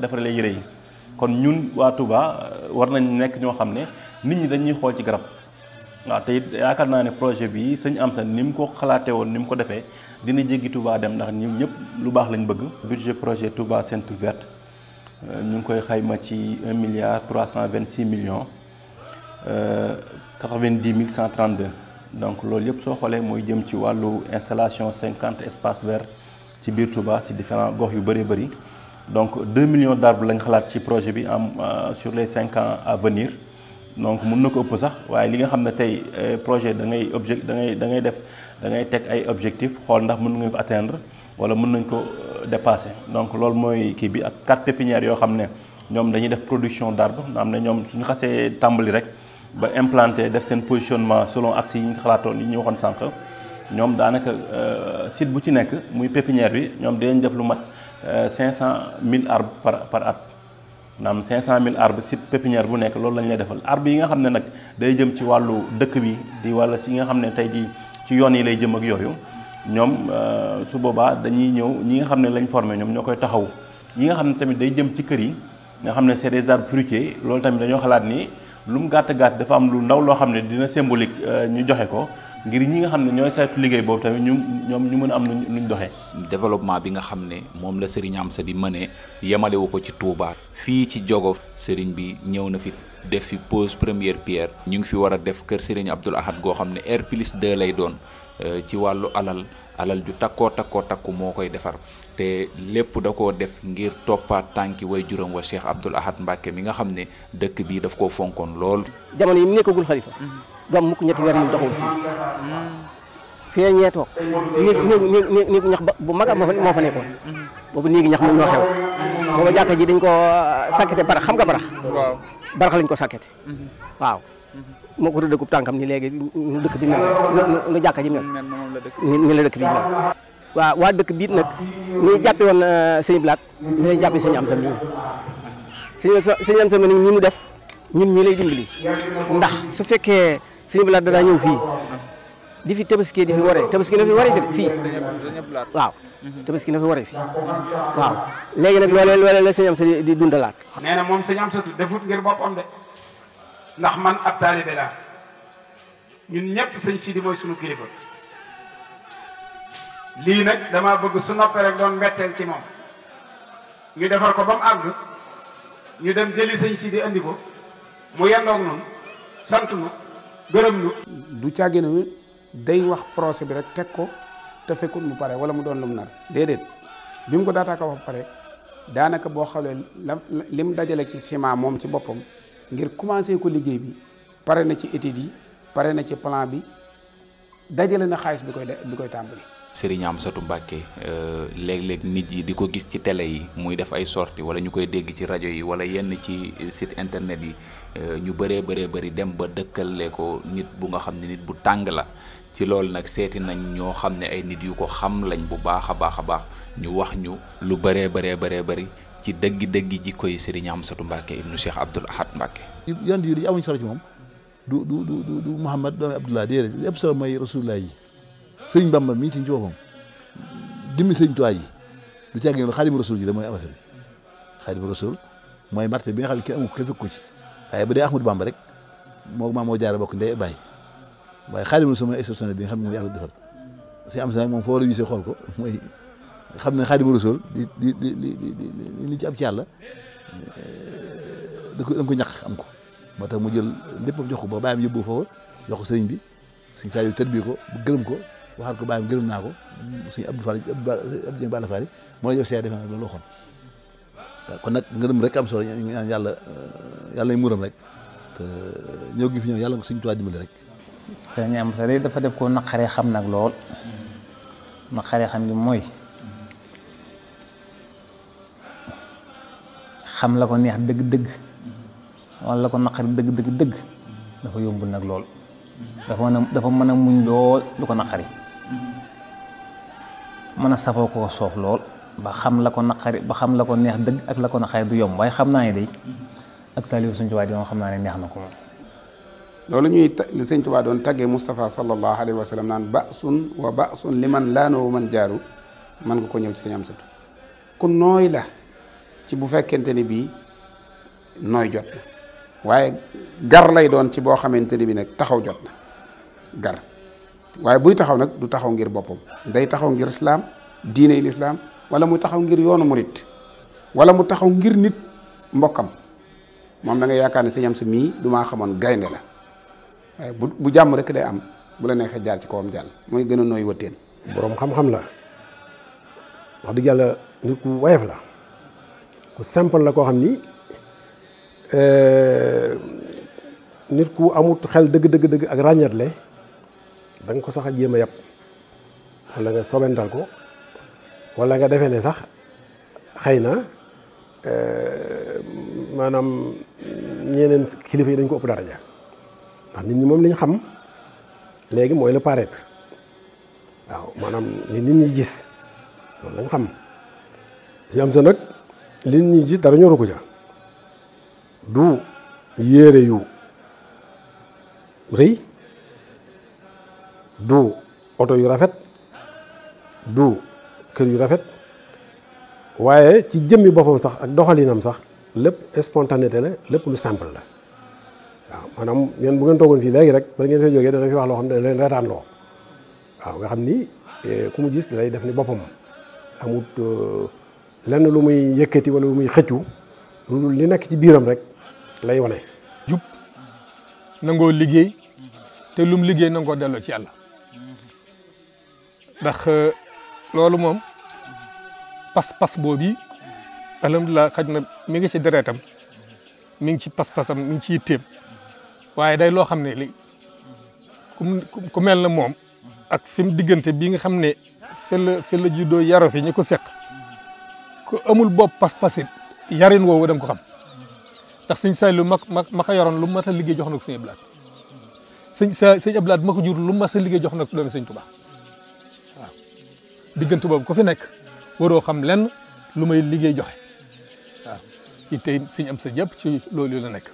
defarale yére yi kon ñun wa Touba euh, war nañ nek ñoo xamné nit ñi dañuy xol ci garab waaw tay it yaakaar naa projet bi señ am sa ni ko xalaatee won nim mu ko defee dina jéggi Touba dem ndax ñu ñëpp lu bax lañ bëgg. budget projet Touba Centre Verte euh, ñu koy xayma ci 1 milliard 326 millions euh, quatre vingt donc lool yëpp so xolé moy jëm ci walu installation 50 espaces verts ci biir Touba ci différents gox yu bëré bëri donc 2 millions d'arbres lañ xalaat ci projet bi am euh, sur les 5 ans à venir donc mun ko ëpp sax waye li nga xamné tay euh, projet da ngay object da ngay da ngay def da ngay tek ay objectifs xol ndax mën nga ko atteindre wala mën nañ ko euh, dépasser donc loolu moy ki bi ak quatre pépinières yo xamné ñom dañuy def production d'arbres am ne ñoom suñu xasee tambali rek ba implanter def sen positionnement selon axe yi nga xalaatoon ñi ñu sank ñom danaka site bu ci nek muy pépinière bi ñom dinañ def lu mat. cinq cent mille arbres par par at maanaam cinq cent mille arbres site pépinière bu nekk loolu lañ lay defal arbres yi nga xam ne nag day jëm ci wàllu dëkk bi di wala si nga xam ne tey jii ci yoon yi lay jëm ak yooyu ñoom euh, su boobaa dañuy ñëw ñi nga xam ne lañ formé ñoom ñoo koy taxaw yi nga xam ne tamit day jëm ci kër yi nga xam ne c'est des arbres fruitiers loolu tamit dañoo xalaat ni lu mu gàtt gàtt dafa am lu ndaw loo xam ne dina symbolique euh, ñu joxe ko ngir ñi nga xam ne ñooy saytu liggéey boobu tamit ñu ñoom ñu mën am nuñ nuñ doxee. développement bi nga xam ne moom la Serigne Amsa di mënee yemalewu ko ci Touba. fii ci jogo Serigne bi ñëw na fi def fi pose première pierre. ñu ngi fi war a def kër Serigne Abdoul Ahad goo xam ne R plus 2 lay doon euh, ci wàllu alal alal ju takkoo takkoo takku moo koy defar te lépp da koo def ngir toppaat tànki way juróom wa Cheikh Abdoul Ahad Mbacke mi nga xam ne dëkk bii daf koo fonkoon lool. am mukk ñetti weer yu doxul fii. fee ñee toog néeg néeg néegu ñax bu mag moo fa nekkoon. boobu néegi ñax moom ñoo xew. booba jàkka ji dañ ko sakkete barax xam nga barax. waaw barax lañ ko sakkete. Mhm. waaw. moo ko rëddagub tànkam ni léegi nu dëkk bi mel nu jàkka ji mel. ni la dëkk bi mel. waaw waa dëkk biit nag ñi jàppe woon euh, sëñ Blaat ñu lay jàppe sëñ Amsa mii sëñ Amsa mii nag ñi mu def ñun ñi lay ndax su fekkee. sëñ Abdoulaye danaa ñëw fii di fi tabaski di fi waree tabaski na fi waree fi fii waaw tabaski na fi waree fi waaw léegi nag loolee loolee la sëñ am sa di dundalaat nee na moom sëñ am sa defut ngir boppam de ndax man ab taalibe laa ñun ñëpp sëñ Sidi mooy sunu kilifa lii nag dama bëgg su noppee rek doon mbetteel ci moom ñu defar ko ba mu ñu dem jëli sëñ Sidi andi ko mu yendoog non sant ma gërëm du càggee ne day wax procès bi rek teg ko te fekkut mu pare wala mu doon lum nar déedéet bi mu ko daataaka wax pare daanaka boo xoolee la mu dajale ci ciment moom ci boppam ngir commencé ko liggéey bi pare na ci études yi pare na ci plan bi dajale na xaalis bi koy bi koy tàmbali Serigne Amsatou Mbacké eh, léeg leg nit yi di gis ci télé yi muy def ay sortie wala ñukoy dégg ci radio yi wala yenn ci site internet yi eh, ñu bëree bëree bëri dem ba lé ko nit bu nga xamni nit bu tang la ci lool nak séti nañ ño xamni ay nit yu ko xam lañ bu baaxa baaxa baax ñu wax ñu lu bëree bëree bëree bëri ci dëgg-dëgg ji koy Serigne satou Mbacké ibnu Cheikh Abdoul Ahad Mbacké. yonent yi amuñ solo ci du du du du Muhammad do Abdullah dede lépp solo may Rasulullah sëñ Bamba ci tiñ ci boppam dimmi sëñ Tuubaa yi lu ci àggee Xaadimu Rasuul ji da mooy affaire bi Xaadimu Rasuul mooy marte bi nga xam ne kenn amu ko ci waaye bu rek moo maa moo jaara bokk ndey bàyyi waaye Xaadimu Rasuul mooy exceptionnel bi nga xam ne moom yàlla defal si am si moom foo war a wisee xool ko mooy xam ne Xaadimu Rasuul di li li li li ci am ci yàlla eh, da ko da nga ko ñàkk am ko moo tax mu jël léppam jox ko ba bàyyam yóbbu foofa jox ko bi suñ saa yu tët bi ko gërëm ko waxaat ko bàyyam gërëm naa ko suñu ab Fall Abdou moo la jox seer defe naa loolu waxoon kon rek am solo ñu ñaan yàlla euh, yàlla muuram rek te euh, ñëw gi fi ñëw yàlla ko suñu tuwaa dimbali rek sëñ am sa dafa def ko naqaree xam nag lool naqaree xam gi mooy xam la ko neex dëgg-dëgg wala la ko naqari dëgg-dëgg dafa yombul nag lool dafa dafa mën a muñ lool lu ko naqari mën a safoo ko soof lool ba xam la ko naqari ba xam la ko neex dëgg ak la ko naqari du yom waaye xam naa ne day ak taalibu Sëñ Tuubaa di xam naa ne neex na ko moom loolu ñuy li Sëñ Tuubaa doon taggee Moustapha sallallahu alayhi wa sallam naan ba'sun wa ba'sun li man laanoo man jaaru man nga ko ñëw ci Sëñ Amsatu ku nooy la ci bu fekkente ni bii nooy jot na waaye gar lay doon ci boo xamante ni bii nag taxaw jot na gar waye buy taxaw nak du taxaw ngir bopam day taxaw ngir islam diine islam wala mu taxaw ngir yoonu murid wala mu taxaw ngir nit mbokam mom da nga yakane ne sëñ am sa du ma gaynde la waye bu bu rek day am bu la nexe jaar ci kawam jall moy gëna noy wëteen borom xam-xam la wax du yàlla nit ku wayef la ku simple la ko xamni euh nit ku amut xel deug deug deug ak le. da ko sax a jéem a yàpp wala nga sobental ko walla nga defee ne sax xëy na euh, maanaam ñeneen kilifa yi dañ ko ëpp daraja ndax nit ñi moom liñ xam léegi mooy le paraître waaw maanaam nit ñi gis loolu lañ xam am sa nag nit ñi gis dara ñoru ko ca du yére yu rëy du oto yu rafet du kër yu rafet waaye ci jëmmi boppam sax ak doxalinam sax lépp spontanéité la lépp lu simple la waaw maanaam ngeen bu ngeen toogoon fii léegi rek bala ngeen fay jógee dana fi wax loo xam ne leen reetaan loo nga xam ni eh, ku mu gis dalay def ni boppam amut euh, lenn lu muy yëkkati wala lu muy xëccu lu li nekk ci biiram rek lay wone jub nangoo liggéey te lum liggéey nangoo delloo ci yàlla. ndax euh, loolu moom pas-pas boobu alhamdulilah kañ na mi ngi ci deretam mi ngi ci pas-pasam mi ngi ci yitteem waaye day loo xam ne li ku mel na moom ak fi mu diggante bii nga xam ne fi la fi la juddoo yaro fi ñu ko seq ku amul bopp pas-pasit yarin woowu da nga ko xam ndax sëñ Saliou ma ma ma ko lu mat a liggéey na ko sëñ Abdoulaye sëñ sa sëñ ma ko jur lu mat a liggéey jox na ko doon sëñ ba diggante boobu ku fi nekk waroo xam lenn lu may liggéey joxe waaw it tey sëñ am sa jëpp ci loolu la nekk.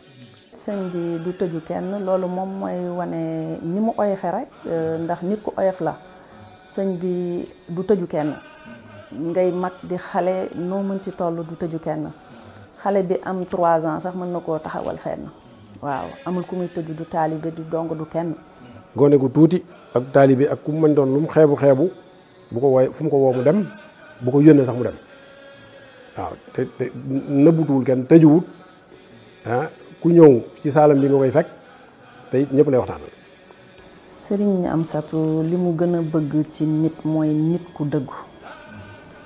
sëñ bi du tëju kenn loolu moom mooy wane ni mu oyofe rek euh, ndax nit ku oyof la sëñ bi du tëju kenn ngay mag di xale noo mën ci toll du tëju kenn xale bi am trois ans sax mën na koo taxawal fenn waaw amul ku muy tëju du taalibe du dong du kenn. gone gu tuuti ak taalibe ak ku mën doon lu mu xeebu xeebu. bu ko wooyee fu mu ko woo mu dem bu ko yónnee sax mu dem waaw te te nëbbutuwul kenn tëjuwut ah ku ñëw ci saalam bi nga koy fekk te it ñëpp lay waxtaanal. Sëriñ Amsatou li mu gën a bëgg ci nit mooy nit ku dëggu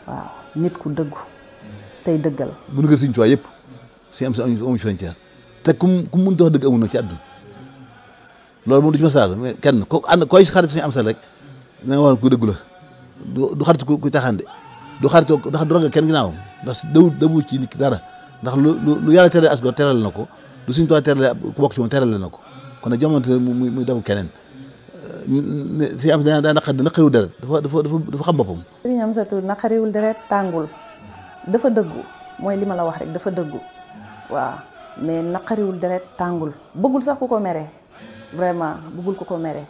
waaw nit ku dëggu tey dëggal. bu nu ko Sëriñ Tuubaa yëpp si am sa amuñu te ku ku mu mënut a wax dëgg du ci masaal mais kenn ko ànd koy xarit am sa rek na nga wax ku dëggu la. du xarit ku taxande du xaritoo ndax du ragal kenn ginnaawam ndax daw dawu ci nit ki dara ndax lu lu yàlla terale asgor teral na ko lu suñu toog terale ku bokk na ko kon nag jomante muy muy daw keneen si am daa daa naqari naqariwul deret dafa dafa dafa xam boppam sëriñ Amsatu naqariwul deret tàngul dafa dëggu mooy li ma la wax rek dafa dëggu waaw mais naqariwul deret tàngul bëggul sax ku ko mere vraiment bëggul ku ko mere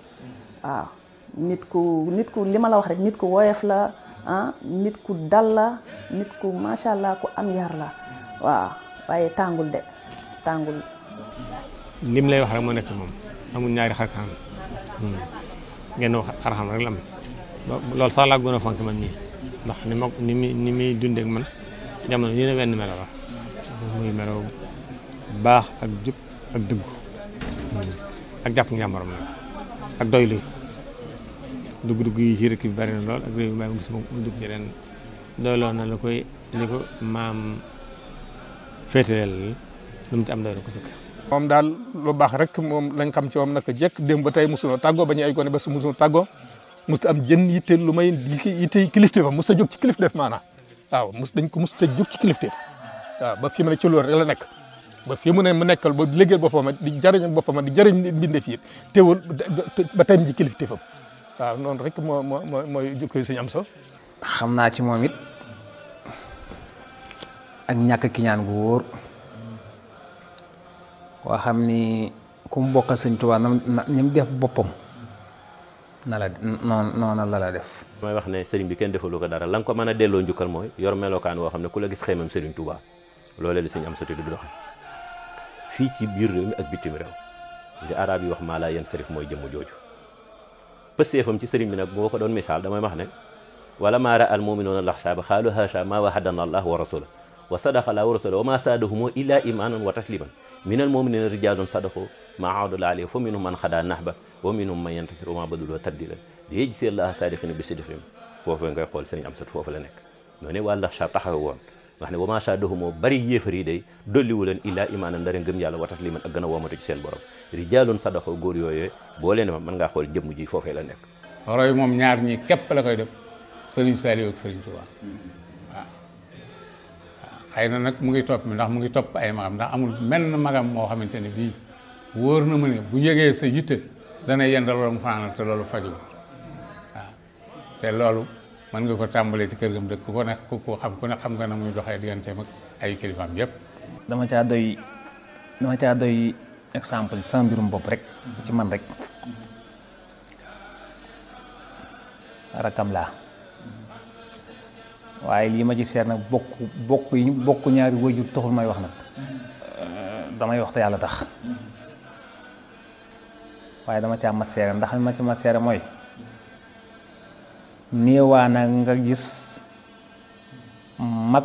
nit ku nit ku li ma la wax rek nit ku woyof la ah nit ku dal la nit ku macha allah ku am yar la waaw waaye tàngul de tàngul. lim lay wax rek moo nekk ci moom amul ñaari xar kanam hmm. xar kanam rek la am loolu sax laa gën a fonk man nii ndax ni ma ni muy ni dundee ak man jamono ñu ne wenn melo la muy melo baax ak jub ak dëgg hmm. ak jàpp njàmbaram la ak doylu dugg-dugg yi ci rëkk na lool ak réew mi bàyyi ma gisuma na ko maam féetaleel lu mu ci am doy na ko sëkk moom daal lu baax rek moom lañ xam ci moom naka jekk démb ba tey mosunoo tàggoo ba ñu ay gone ba su mosunoo tàggoo musta am jën yitte lu may yitte kilifteef mos a jóg ci kilif def maanaa waaw mos dañ ko mos a jóg ci kilifteef waaw ba fi mu ci loolu rek la nekk ba fii mu ne mu nekkal ba boppa boppam di jariñ boppa ma di jariñ mbindeef yi teewul ba tey ji kilifteefam waaw noonu rek moo moo moo mooy jukkoy so xam naa ci moom it ak ñàkk kiñaan gu wóor koo xam ni ku mu bokk sëñ Tuubaa na ni mu def boppam na la noon noona la la def mooy wax ne sëriñ bi kenn defalu ko dara la nga ko mën a delloo njukkal mooy yor melokaan woo xam ne ku la gis xeymam sëriñ Tuubaa loolee la sëñ Amsa di doxe fii ci biir réew ak bitim réew di arab yi wax maa laa yenn sërif mooy jëmm jooju بسيفهم تسرين من أبوه كدون مثال دم مهنة ولا ما رأى المؤمنون الله حساب خالو هاشا ما وحد الله ورسوله وصدق الله ورسوله وما سادهم إلا إيمانا وتسليما من المؤمنين رجال صدقوا ما عاد الله عليه فمنهم من خدا النحبة ومنهم من ينتصر وما بدل وتبديلا ليجسي الله صادقين بصدقهم وفين يقول سنين أمسد فوف لنك نوني والله شاب تحقون nga xam wa maa shaaduhum moo bari a woomatu ci seen borom rijaalun sadaxoo góor yooyee boo leen ma mën ngaa xool jëmm ji foofee la nekk moom ñaar ñi képp la koy def sëriñ Saliou ak sëriñ Touba waaw na nag mu ngi topp ndax mu ngi topp ay magam ndax amul menn magam moo xamante ne bii wóor na ma ne bu yëgee sa yitte dana yendal wala mu fanaan te loolu fajul waaw te loolu mën nga ko tàmbalee ci kër gam dëkk ku ko ne ku ko xam ku ne xam nga na muy doxee digganteem ak ay kilifaam yépp dama caa doy dama caa doy exemple sama mbirum bopp rek ci man rek rakam laa waaye lii ma ci seet nag bokk yi bokk ñaari wajur taxul may wax nag damay wax te yàlla tax waaye dama caa mat seere ndax ma ci mat seere mooy newana nga gis mat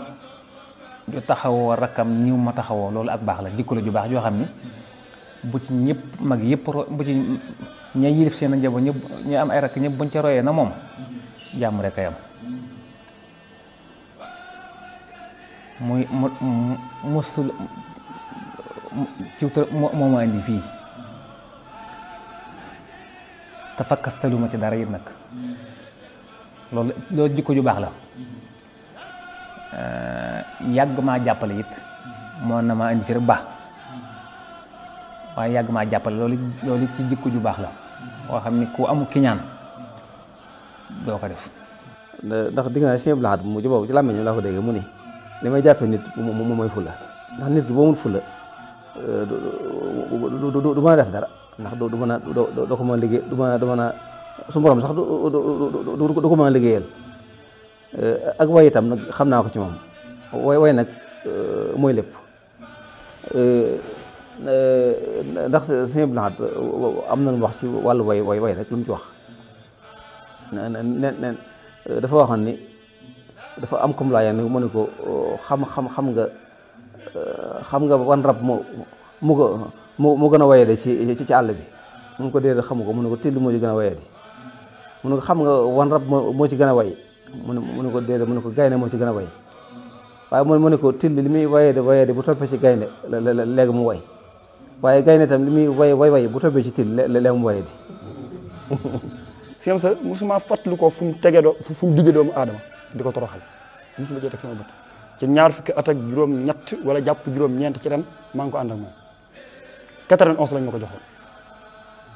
ju taxaw rakam ñiw ma taxaw lolou ak bax la jikko jua ju bax jo xamni bu ci ñëpp mag yëpp bu ci ñay yelef seen njabo ñëpp ñu am ay rak ñëpp buñ ci royé na mom rek ayam muy musul ci ma indi fii te ci dara nak loolu loolu jikko ju baax la euh, yàgg maa jàppale it moo na ma indi fi rek baax waaye yàgg maa jàppale loolu loolu ci jikko ju baax la boo xam ni ku amu kiñaan doo ko def ndax dégg naa sëñ Blaat mu ji boobu ci làmmiñ laa ko déggee mu ni li may jàppee nit moom mooy fulla ndax nit ki boo mun fulla euh, du du du mën def dara ndax du mën a doo liggéey du mën a du su borom sax du du ko mën a liggéeyal ak way itam nag xam naa ko ci moom way way nag mooy lépp ndax sëñ Abdou Lahad am na lu wax ci wàllu way way way rek lu mu ci wax ne ne dafa waxoon ni dafa am comme laa yenn mu ne ko xam xam xam nga xam nga wan rab mu mu ko mu gën a wayade ci ci àll bi mu ko déedéet xamu ko mu ne ko till moo ci gën a wayadi mu ne ko xam nga wan rab moo ci gën a way mu ne mu ko déedéet mu ne ko gaynde moo ci gën a way waaye mu mu ne ko till li muy wayee de wayee de bu toppee ci gaynde léegi mu way waaye gaynde tam li muy way way way bu toppee ci till léegi mu waye di fiam sa mosuma fàttali ko fu mu tege doo fu mu digge doomu aadama di ko toroxal mosuma jee teg sama bët ci ñaar fukki at ak juróom ñett wala jàpp juróom ñeent ci ren maa ngi ko ànd ak moom 91 ma ko joxoon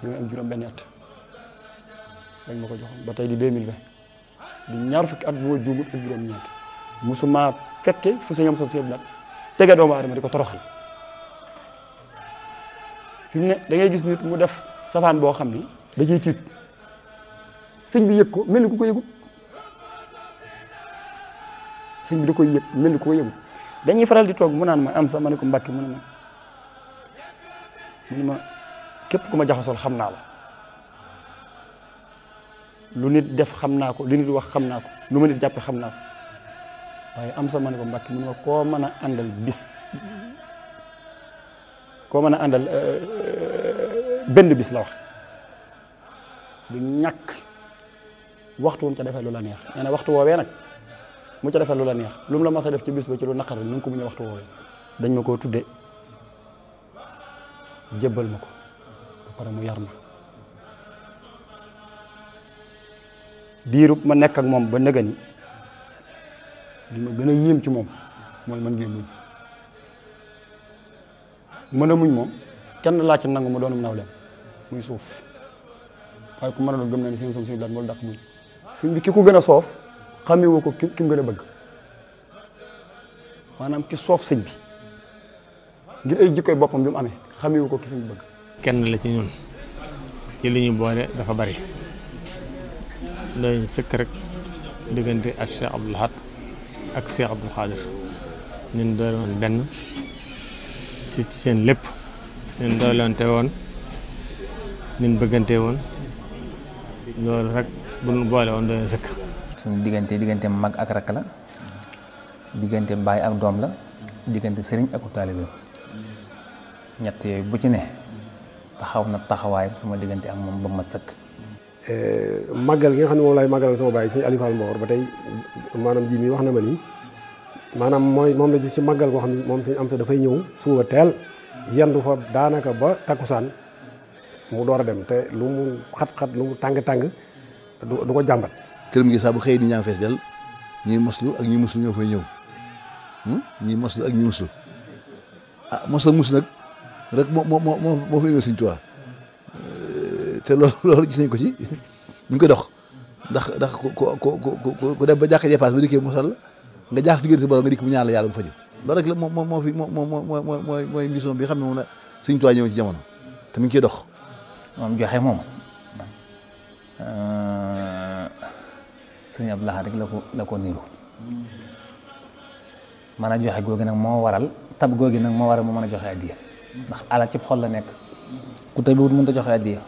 ñu ngi dañ ma ko joxoon ba tey di be di ñaar fukki at bu ma juumut ak juróom-ñeent musuma fekke fu sa ñoom sam sieb lat tege doomu aadama di ko toroxal fi ne dangay gis nit mu def safaan boo xam ni da ciy tiit sëñ bi yëg ko mel ni ku ko yëgut sëñ bi da koy yëg mel ni ku ko yëgut dañuy faral di toog mu naan ma am sax ma ne ko mbàkki mu ma mu ne képp ku ma jaxasool xam naa la lu nit def xam naa ko lu nit wax xam naa ko lu ma nit jàppe xam naa ko waaye am sa ma ne ko mbàkk mun ma koo mën a àndal bis koo mën a àndal euh, euh, benn bis la wax du ñàkk waxtu mu ca defee lu la neex nee waxtu woowee nag mu ca defee lu la neex lu mu la mas def ci bis ba ci lu naqar na nga ko muñe waxtu woowee dañ ma koo tudde jébbal ma ko ba pare mu yar ma diirub ma nekk ak moom ba nëgëni li ma gën a yéem ci moom mooy mën ngeen muñ mën a muñ moom kenn laa ci nangu mu doonum nawleem muy suuf waaye ku mën a doon gëm na ni seen som seen blaat moolu daq muñ sëñ bi ki ko gën a soof xamee ko ki ki mu gën a bëgg maanaam ki soof sëñ bi ngir ay jikkoy boppam bi mu amee xamee ko ki sëñ bi bëgg kenn la ci ñun ci li ñu boole dafa bari doy sëkk rek diggante ak Cheikh Abdoul Ahad ak seex Abdoul Khadir ñun doy woon benn ci seen lépp ñun doylante woon ñun bëggantee woon loolu rek bu nu boole woon doy sëkk. suñu diggante diggante mag ak rakk la diggante baay ak doom la diggante sëriñ ak taalibe ñett yooyu bu ci ne taxaw na taxawaay sama diggante ak moom ba ma sëkk. Euh, maggal gi nga xam ne moom laay màggalal sama baay sëñ Aliou Fall Mbawar ba tey maanaam ji mi wax na ma nii maanaam mooy moom la gis si màggal koo xam ne moom si am Amsa dafay ñëw suuba teel yendu fa daanaka ba takkusaan mu door a dem te lu mu xat-xat lu mu tàng-tàng du ko jàmbat këram gi saa bu xëy ni ñaa fees del ñuy moslu ak ñuy muslu ñoo fay ñëw hmm? ñuy moslu ak ñuy muslu ah mus nag rek moo moo moo moo fa indi Sëñ Tuubaa te loolu loolu gis nañ ko ci ñu ngi koy dox ndax ndax ku ku ku ku dem ba jàkka jépaas ba dikkee mu nga jaax si diggante si borom nga dikk mu ñaan la yàlla mu faju loolu rek moom moom moo fi moom moo mooy mooy mission bi xam ne moom la Sëñ Tuubaa ñëw ci jamono te mu ngi ciy dox. moom euh, rek la ko la ko niiru a joxe googu nag moo waral tab googu nag moo waral mu mën a joxe ndax alal ci xol la nekk ku tabiwut mënut a joxe addiya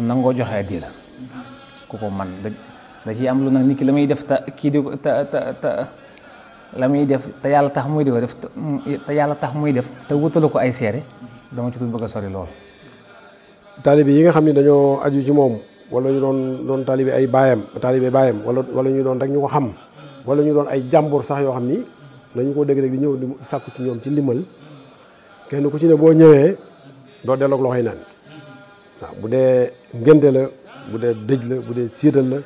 nang nangoo joxe addiya la ku ko man da ci am lu nak niki lamay la def ta ki di ta ta ta la def ta yalla tax muy di def ta yalla tax muy def te wutalu ko ay séré dama ci tut bëgg sori lool. talib yi nga xamni dañoo aju ci mom wala ñu doon doon talib ay talib ay bayam wala wala ñu doon rek ñu ko xam wala ñu doon ay jambour sax yo xamni dañ ko deg rek di ñew di sakku ci ñom ci limal kenn ku ci ne bo ñewé do delok loxay nan waaw bu dee ngénte la bu dee dëj la bu dee siital la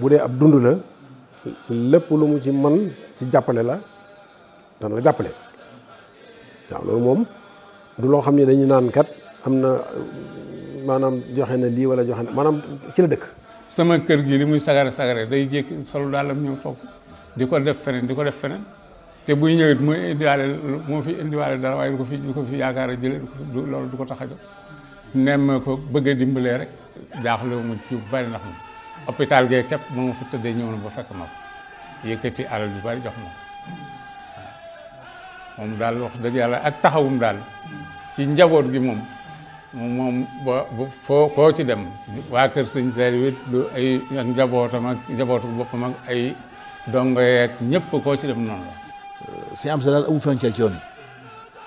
bu dee ab dund la lépp lu mu ci man ci jàppale la dana la jàppale waaw loolu moom du loo xam ne dañu naan kat am na maanaam joxe na lii wala joxe na maanaam ci la dëkk. sama kër gi li muy sagare sagare day jékki solo daalam ñëw toog di ko def feneen di ko def feneen te buy ñëwit muy indiwaale moo fi indiwaale dara waaye du ko fi du ko fi yaakaar a jëlee loolu du ko tax a jóg nemme ko bëgg dimbalee rek jaaxle wu ma ci bari ndax ma gee képp moom ma tëddee ñëw na fekk ma ko yëkkati alal ju bari jox ma daal wax dëgg yàlla ak taxawum daal ci njaboot gi moom moom ba foo koo ci dem waa kër sëñ Saliou du ay njabootam ak njabootu boppam ak ay dongo yeeg ñëpp koo ci dem noonu la. sëñ Amsa daal amul frontière ci yoon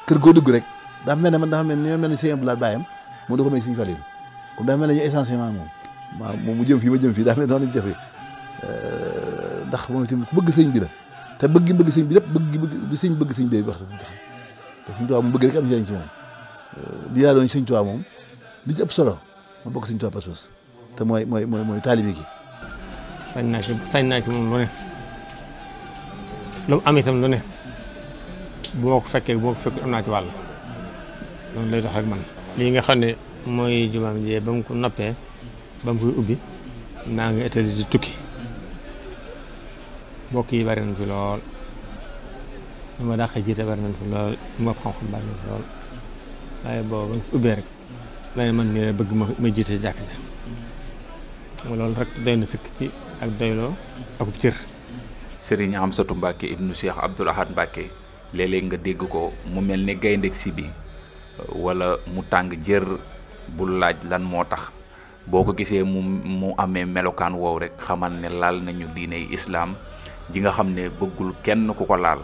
kër goo dugg rek dafa mel ni ma dafa mel ni ñoo mel ni sëñ Abdoulaye Bayam moo da ko may Sëriñ Falilu comme daa mel ne ñu essentiellement moom waaw mu jëm fii ma jëm fii daa mel noonu lañ jafe euh, ndax moom itam ku bëgg sëñ bi la te bëgg bëgg sëñ bi lépp bëgg bëgg sëñ bëgg sëñ bi wax dëgg tax te sëñ Tuubaa mu bëgg rek am njëriñ ci moom euh, li laa doon sëñ Tuubaa moom li ci ëpp solo ma bokk sëñ Tuubaa pas-pas te mooy mooy mooy mooy taalibe gi. sañ naa ci sañ naa ci moom lu ne lu mu am itam lu ne bu ma ko bu ma ko am naa ci wàll loolu lay dox rek man. lii nga xam ne mooy jumaam jee ba mu ko noppee ba mu koy ubbi maa ngi étali di tukki mbokk yi bari nañ fi lool ñu ma dàq fi lool ñu xam-xam bari fi lool waaye boobu ba mu ko ubbee rek lane man mii la bëgg ma ma jiite jàkk ja loolu rek doy na sëkk ci ak doyloo ak ub cër sëriñ Amsatu Mbàkke ibnu Cheikh Abdoul Ahad Mbàkke léeg nga dégg ko mu mel ni gaynde si bi wala mu tàng jër bu laaj lan moo tax boo ko gisee mu mu amee melokaan woow rek xamal ne laal nañu diiney islaam ji nga xam ne bëggul kenn ku ko laal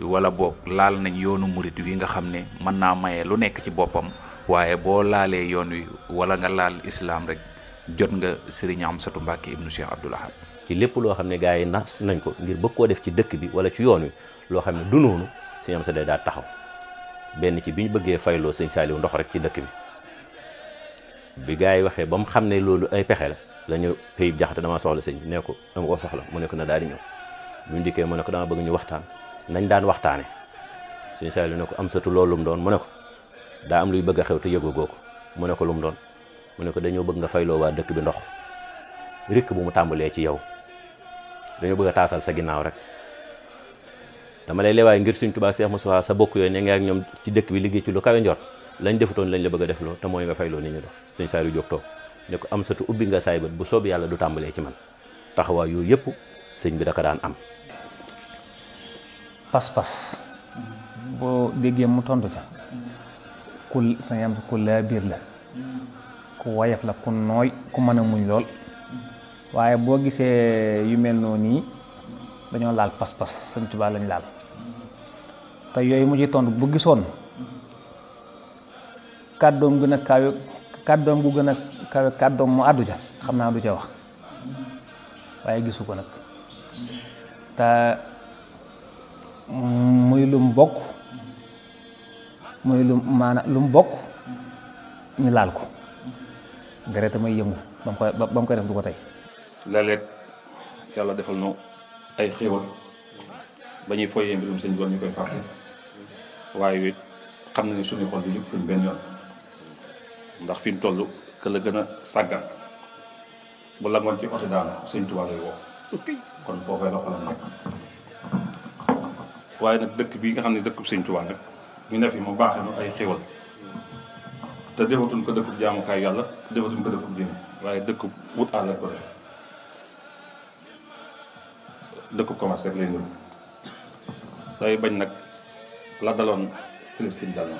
wala boog laal nañ yoonu murit wi nga xam ne mën naa maye lu nekk ci boppam waaye boo laalee yoon wi wala nga laal islaam rek jot nga sëriñ Amsatu Mbàkke ibnu Cheikh Abdoul Ahad ci lépp loo xam ne gars yi nas nañ ko ngir bëgg koo def ci dëkk bi wala ci yoon wi loo xam ne du noonu sëriñ sa day daa taxaw benn ci bi ñu bëggee fayloo sëñ Saaliw ndox rek ci dëkk bi bi gars yi waxee ba mu xam ne loolu ay pexe la la ñu Payib Jaxate damaa soxla sëñ bi ne ko dama ko soxla mu ne ko na daal di ñëw bi mu dikkee mu ne ko dama bëgg ñu waxtaan nañ daan waxtaane sëñ Saaliw ne ko am satu loolu mu doon mu ne ko daa luy bëgg a xew ko mu ne ko lu mu doon mu ne ko dañoo bëgg nga fayloo waa dëkk bi ndox rikk bu mu tàmbalee ci yow dañoo bëgg a taasal sa ginnaaw rek dama lay leewaay ngir suñ tubaa Seex Musaa sa bokk yooyu ne nga ak ñoom ci dëkk bi liggéey ci lu kawe njort lañ defutoon lañ la bëgg a def loo te mooy nga fayloo nit ñu dox suñ saari nga saay bët bu soob yàlla du tàmbalee ci man taxawaay yooyu yëpp sëñ bi da daan am pas-pas boo déggee mu tontu ca ku sa yam biir la ku wayaf la ku nooy mën a muñ lool waaye boo gisee yu mel noonu nii dañoo laal pas-pas sëñ tubaa lañ laal ta yoy mu ci tondu bu gisone kaddom gëna a kawe kàddoom gu gëna a kawe kàddoom mu addu ja xamna du ci wax waye gisuko nak ta muy lum mbokk muy lu mana lu mbokk ñu laal ko deret may yëngu bam ko bam ko def du ko tey léeg-léeg yàlla defal no ay xewal bañuy foyé mbirum señ doon ñukoy koy waaye xam na ne suñu xol bi yëpp suñ benn yoon ndax fi mu toll que la gën a sàggan bu la ngoon ci oto daal sëñ Tuubaa lay kon foofee la xolam nekk waaye nag dëkk bii nga xam ne dëkkub sëñ Tuubaa nag ñu ne fi mu baaxee nu ay xéwal te defatuñ ko dëkkub jaamukaay yàlla defatuñ ko dëkkub diine waaye dëkkub wut àll ko def dëkkub commerce rek lay bañ nag la daloon Palestine dal na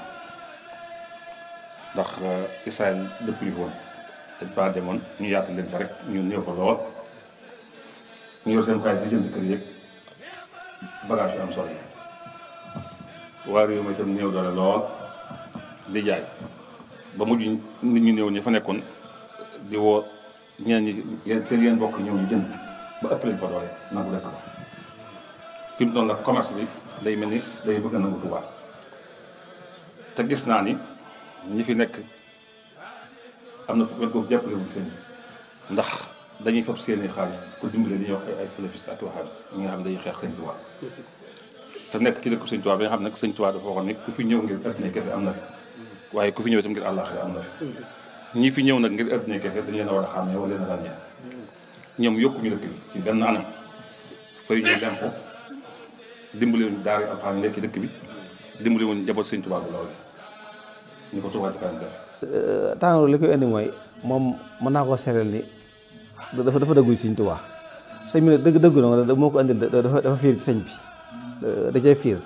ndax euh, Israël dëpp ñu woon dañ faa demoon ñu yaatu leen fa rek ñu néew ko lool ñu yor seen xaalis di jënd kër yëpp bagage yu am solo yi réew ma itam néew doole lool di jaay ba mujj nit ñu néew ñi fa nekkoon di woo ñeneen ñi seen yéen bokk ñëw ñu jënd ba ëpp leen fa doole nangu lekk ko fi mu doon la commerce bi day mel ni day bëgg a nangu Touba te gis naa ni ñi fi nekk am na fu wet boobu jàppale wuñ sëñ bi ndax dañuy fab seeni xaalis ku dimbale li ñuy wax ay salafiste ak wahabit ñi nga xam ne dañuy xeex sëñ Touba te nekk ci dëkku sëñ Touba bi nga xam ne sëñ Touba dafa waxoon ne ku fi ñëw ngir adduna kese am na fi waaye ku fi ñëw itam ngir àllaaxira am na fi ñi fi ñëw nag ngir adduna kese dañ leen a war a xàmmee wala leen a ràññee ñoom yokkuñu dëkk bi ci benn anam fay ñu lempo dimbali wuñ daara yi alxuraan nekk dëkk bi dimbali wuñ njaboot sëñ Tuubaa bu loolu ñu ko Touba ca euh, indi mooy moom mën naa koo seetal ni dafa dafa dëggu sëñ Tuubaa sëñ bi dëgg dëggu na nga moo dafa dafa fiir ci bi euh, da cee fiir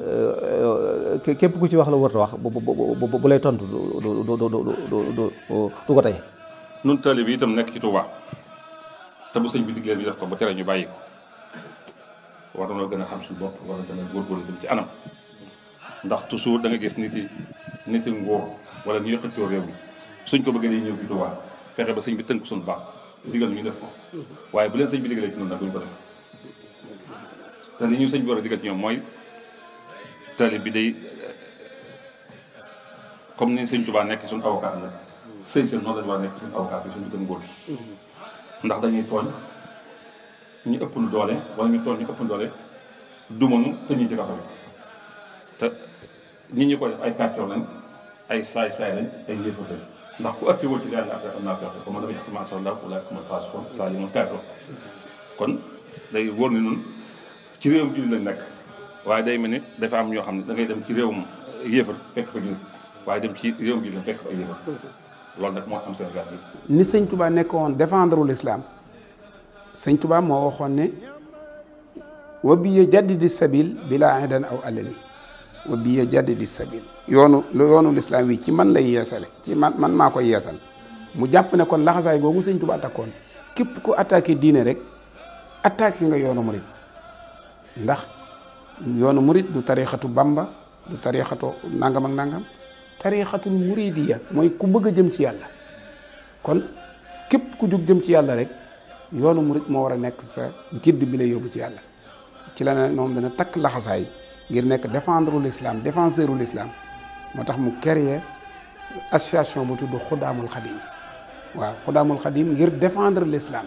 euh, képp ku ci wax la war wax bu bu tontu ko tey. nun taalibe bi itam nekk ci Touba bi liggéey bi def ko ba tere ñu bàyyi ko. waa nañoo gën a xam suñu bopp war a gën a góorgóorlu jëm ci anam ndax toujours da gis nit yi nit yi nguur wala ñuy xëccoo réew mi suñ ko bëggee ñëw bi tubaab fexe ba sëñ bi tënk suñ baax digal ñu def ko waaye bu leen sëñ bi digalee ci noonu nag duñu ko def ñu sëñ bi war a digal ñoom mooy taalib bi day comme ni sëñ Tuubaa nekk suñ avocat la sëñ seen noonu lañu war a nekk suñu avocat bi suñu diggante nguur bi ndax dañuy tooñ ñu ëpp doole wala ñu toll ñu ëpp nu doole dumanu tëj ñu ci kaso bi te nit ñi koy ay kàccoor lañ ay saay-saay lañ ay yéefate ndax ku ëttiwul ci daal am naa ko man dafa yàq maasal ndaw wala ko saa li ma kon day wóor ni nun ci réewum jullit lañ nekk waaye day mel ni dafa am ñoo xam ne da ngay dem ci réewum yéefar fekk fa jullit waaye dem ci réewum jullit fekk fa ay yéefar loolu nag moo am Sénégal bi ni sëñ Touba nekkoon défendre ul islam sëñ tubaab moo waxoon ne wa bi ye jaddidi sabil bila idan aw alami wa bi ye jaddidi sabil yoonu yoonu lislaam wi ci man lay yeesale ci man man maa koy yeesal mu jàpp ne kon laxasaay googu sëñ Tuubaa takkoon képp ku attaqué diine rek attaqué nga yoonu murit ndax yoonu murit du tarixatu bamba du tarixatu nangam ak nangam tarixatul muridiya mooy ku bëgg a jëm ci yàlla kon ku jug jëm ci yàlla rek yoonu murit moo war a nekk sa gidd bi la yóbbu ci yàlla ci la ne moom dana takk laxasaay ngir nekk défendre l'islam défenseur u l'islam moo tax mu créer association bu tudd Xudaamul Xadim waaw Xudaamul Xadim ngir défendre l'islam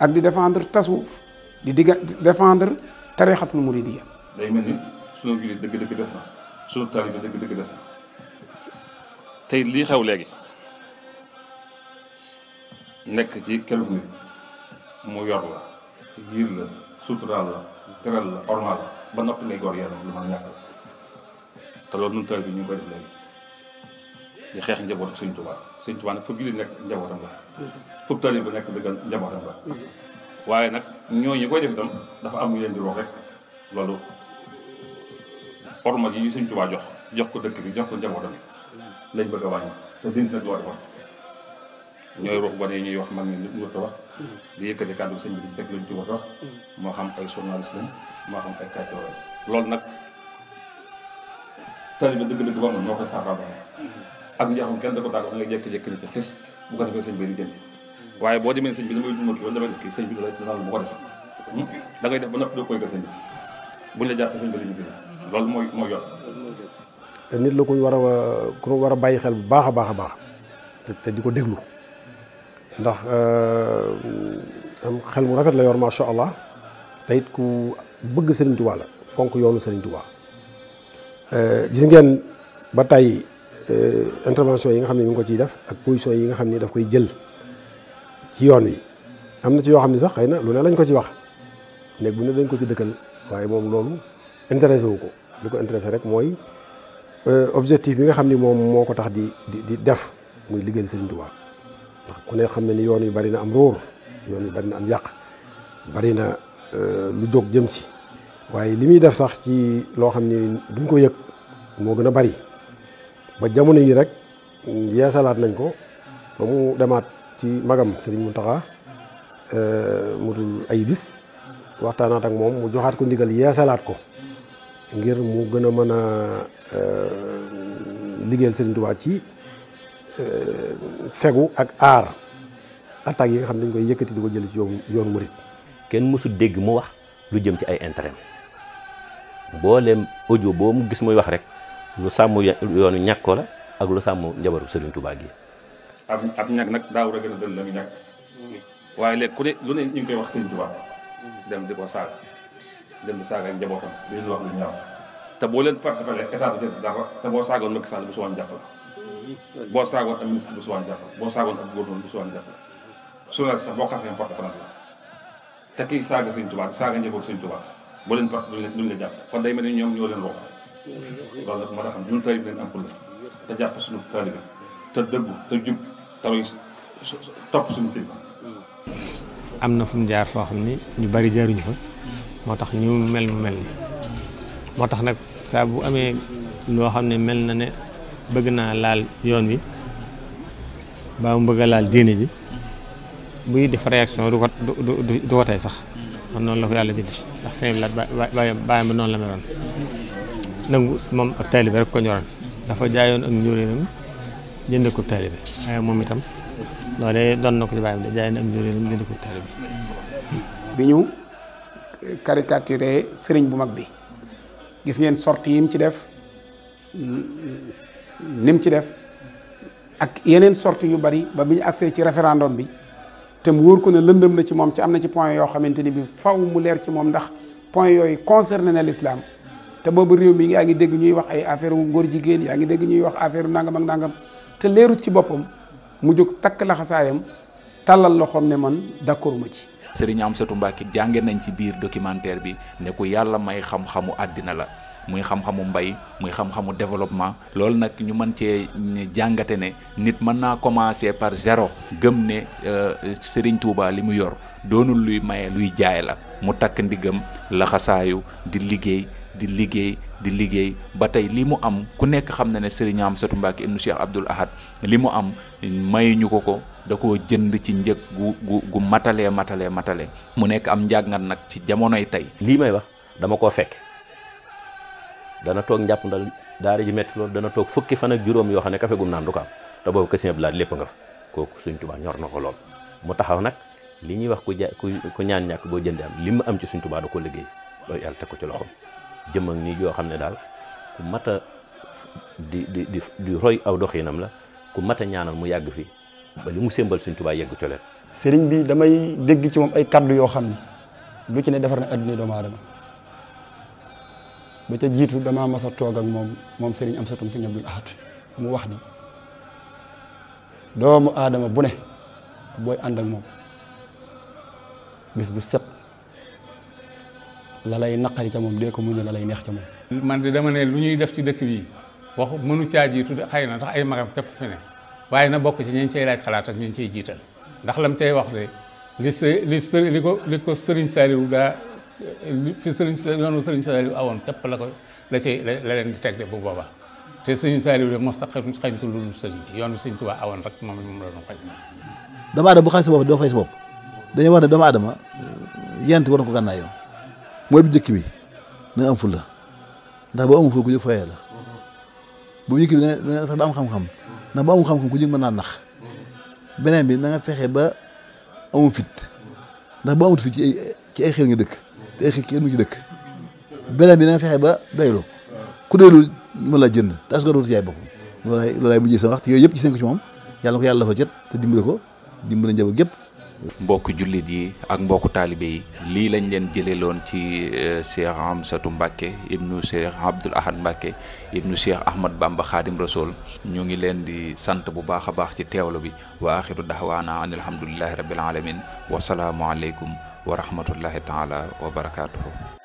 ak di defendre tasawuf di digga defendre tarixatul muridiyya day mel ni sunu jullit tey lii xew léegi nekk ci kenn mu yor la yiir la suturaal la teral la ormal la ba noppi lay gor yaram lu ñàkk la te loolu nun taw bi ñu ngi koy def léegi di xeex njaboot ak sëñ Tuubaa sëñ Tuubaa nag fu jullit nekk njabootam la fu taalibe bi nekk dëgg njabootam la waaye nag ñoo ñu koy def itam dafa am ñu leen di wax rek loolu orma yi sëñ Tuubaa jox jox ko dëkk bi jox ko njabootam lañ bëgg a wàññi te dindi nag loo defoon ñooy ruux ba ne ñuy wax man ne nit mu wax di yëkkati kàddu sëñ bi di teg luñ ci war a mm. moo xam ay journaliste lañ moo xam loolu nag taalibe dëgg-dëgg boo xam moo koy saafara ak njaaxum kenn da ko daal da ngay bu ko defee sëñ bi di waaye boo demee sëñ bi damay dund kii bi dana dana bu ko def mm. def ba noppi doo koy ga sëñ bi buñ la bi loolu mooy mooy yoon te nit la ku war a ku war a bàyyi xel bu baax a baax a baax te di ko déglu ndax euh, am xel mu rafet la yor macha allah te it ku bëgg Serigne Touba la fonk yoonu Serigne Touba jis euh, ngeen ba tey euh, intervention yi nga xam ne mi ko ciy def ak position yi nga xam ni daf koy jël ci yoon wi am na ci yoo xam ne sax xëy na lu ne lañ ko ci wax néeg bu ne dañ ko ci dëkkal waaye moom loolu intéressé wu ko li ko intéressé rek mooy objectif bi nga xam ni moom moo ko tax di di di def muy liggéeyal Serigne Touba. ndax ku ne xam ne ni yoon yu bari na am róor yoon yu bari na am yàq bari na euh, lu jóg jëm si waaye li muy def sax ci loo xam ni duñ ko yëg moo gën a bari ba jamono yi rek yeesalaat nañ ko ba mu demaat ci magam sëriñ Mountakha euh, mu dul ay bis waxtaanaat ak moom mu joxaat ko ndigal yeesalaat ko ngir mu gën a mën a euh, liggéeyal sëriñ Tuubaa ci fegu ak ar attaques yi nga xam dañ koy yëkkati di ko ci yoon yoon mourid kenn musu dégg mu wax lu jëm ci ay intérêt mbooleem audio bo mu gis muy wax rek lu sàmm ya-, yoonu ñàkkoo la ak lu sàmm njabaru Serigne Touba gi. ab ab ñak nak daaw rek la doon la mu ñàkk waaye ku ne lu ne ñu ngi koy wax Serigne Touba dem diko saag dem di saaga ak njabotam di lu wax lu ñaw ta bo leen participer état bi def dara te boo saagoon Sall bu si woon boo saagoon ak ministre bi suwaan jàppale boo saagoon ak góor bi suwaan jàppale su la sax boo kaasee porte France la te kii saaga Sëñ Tuubaa saaga njaboot Sëñ Tuubaa boo leen porte duñ la jàpp kon day mel ni ñoom ñoo leen roox loolu nag moo tax ñun taalib leen am pour te jàpp suñu taalibe te dëggu te jub taroy topp suñu kilifa am na fu mu jaar foo xam ni ñu bari jaaruñu fa moo tax ñu mel mu mel ni moo tax nag saa bu amee loo xam ne mel bëgg naa laal yoon wi ba mu bëgg a laal diine ji buy def réaction du ko du du sax noonu la ko yàlla bind ndax sëñ bi laat baayam baayam ba noonu la meloon nangu moom ak taalibe rek ko ñoroon dafa jaayoon ak njuréenam jënd ko taalibe waaye moom itam loolee doon na ko ci baayam de jaayoon ak njuréenam ko taalibe bi ñu caricaturé sëriñ bu mag bi gis ngeen sorti yim ci def ni mu ci def ak yeneen sorties yu bari ba bi ñu agsee ci référendum bi te mu wóor ko ne lëndam na ci moom ci am na ci point yoo xamante ni bi faw mu leer ci moom ndax point yooyu concerné na lislaam te boobu réew mi yaa ngi dégg ñuy wax ay affaire wu ngóor jigéen yaa ngi dégg ñuy wax affaire nangam ak nangam te leerut ci boppam mu jóg takk laxasaayam tàllal loxoom ne man d'accord ma ci. Serigne Amsatou Mbacké jànge nañ ci biir documentaire bi ne ku yàlla may xam àddina la. muy xam-xamu mbay muy xam-xamu développement loolu nag ñu mën cee jàngate ne nit mën naa commencer par zéro gëm ne euh, Serigne Touba li mu yor doonul luy maye luy jaay la mu takk ndigam laxasaayu di liggéey di liggéey di liggéey ba tey li mu am ku nekk xam na ne Serigne Amsatou Mbacké ibnu Cheikh Abdoul Ahad li mu am mayuñu ko ko da ko jënd ci njëg gu gu gu matalee matale matale mu nekk am njàngat nag ci jamonoy tey. lii may wax dama koo fekk. dana toog njàpp ndal daara ji metti loolu dana toog fukki fan juróom yoo xam ne kafe gum naan du te boobu ke siñeb laaj lépp nga fa kooku suñ tubaa ñor na ko lool mu taxaw nag li ñuy wax ku ja ku ñaan ñàkk boo jëndee am li mu am ci suñ tubaa da ko liggéey loolu yàlla teg ko ci loxoom jëm ak yoo xam ne daal mat a di di di di roy aw doxinam la ku mat a ñaanal mu yàgg fi li mu sémbal suñ tubaa yegg coleen sëriñ bi damay dégg ci moom ay kaddu yoo xam ne lu ci ne defar na adduna doomu aadama ba ca jiitu damaa mas a toog ak moom moom Serigne Amsatou Serigne Abdoul Ahad mu wax ni doomu aadama bu ne booy ànd ak moom bis bu set la lay naqari ca moom dee ko muñ la lay neex ca moom. man de dama ne lu ñuy def ci dëkk bi wax mënu caa jiitu xëy na ndax ay magam képp fi ne waaye na bokk ci ñi cay laaj xalaat ak ñi cay jiital ndax lam cay wax de li li li ko li ko Serigne Saliou daa. fi sëriñ yoonu sëriñ sa awoon képp la ko la ci la bu boobaa te sëriñ Saliou de mos a xañtu lu sëriñ bi yoonu sëriñ Tuubaa awoon rek moom doomu aadama bu xañ sa bopp doo fay sa bopp dañuy wax ne doomu aadama euh, yent war na ko gànnaayoo mooy bu jëkk bi na am fulla ndax boo amul fulla ku jóg foyee la bu njëkk bi danga fexe ba am xam-xam ndax ku jóg mën naa nax beneen bi na fexe ba amul fit ndax ci ay ci ay dëkk te xiif kenn mu ci dëkk beneen bi na nga fexe ba doylu ku doylu mën la jënd te askan wutu jaay boppam loolaay loolaay sama wax te yooyu yëpp gis nañ ko ci moom yàlla na ko yàlla dafa jot te dimbale ko dimbale njaboot gépp mbokku jullit yi ak mbokku taalibe yi lii lañ leen jëlee loon ci euh, Cheikh Amsatou Mbacke ibnu Cheikh Abdoul Ahad Mbacke ibnu Cheikh Ahmad Bamba Khadim Rasoul ñu ngi leen di sant bu baax a baax ci teewlu bi waa axiru dahwaana an alhamdulillahi rabbil alamin ورحمة الله تعالى وبركاته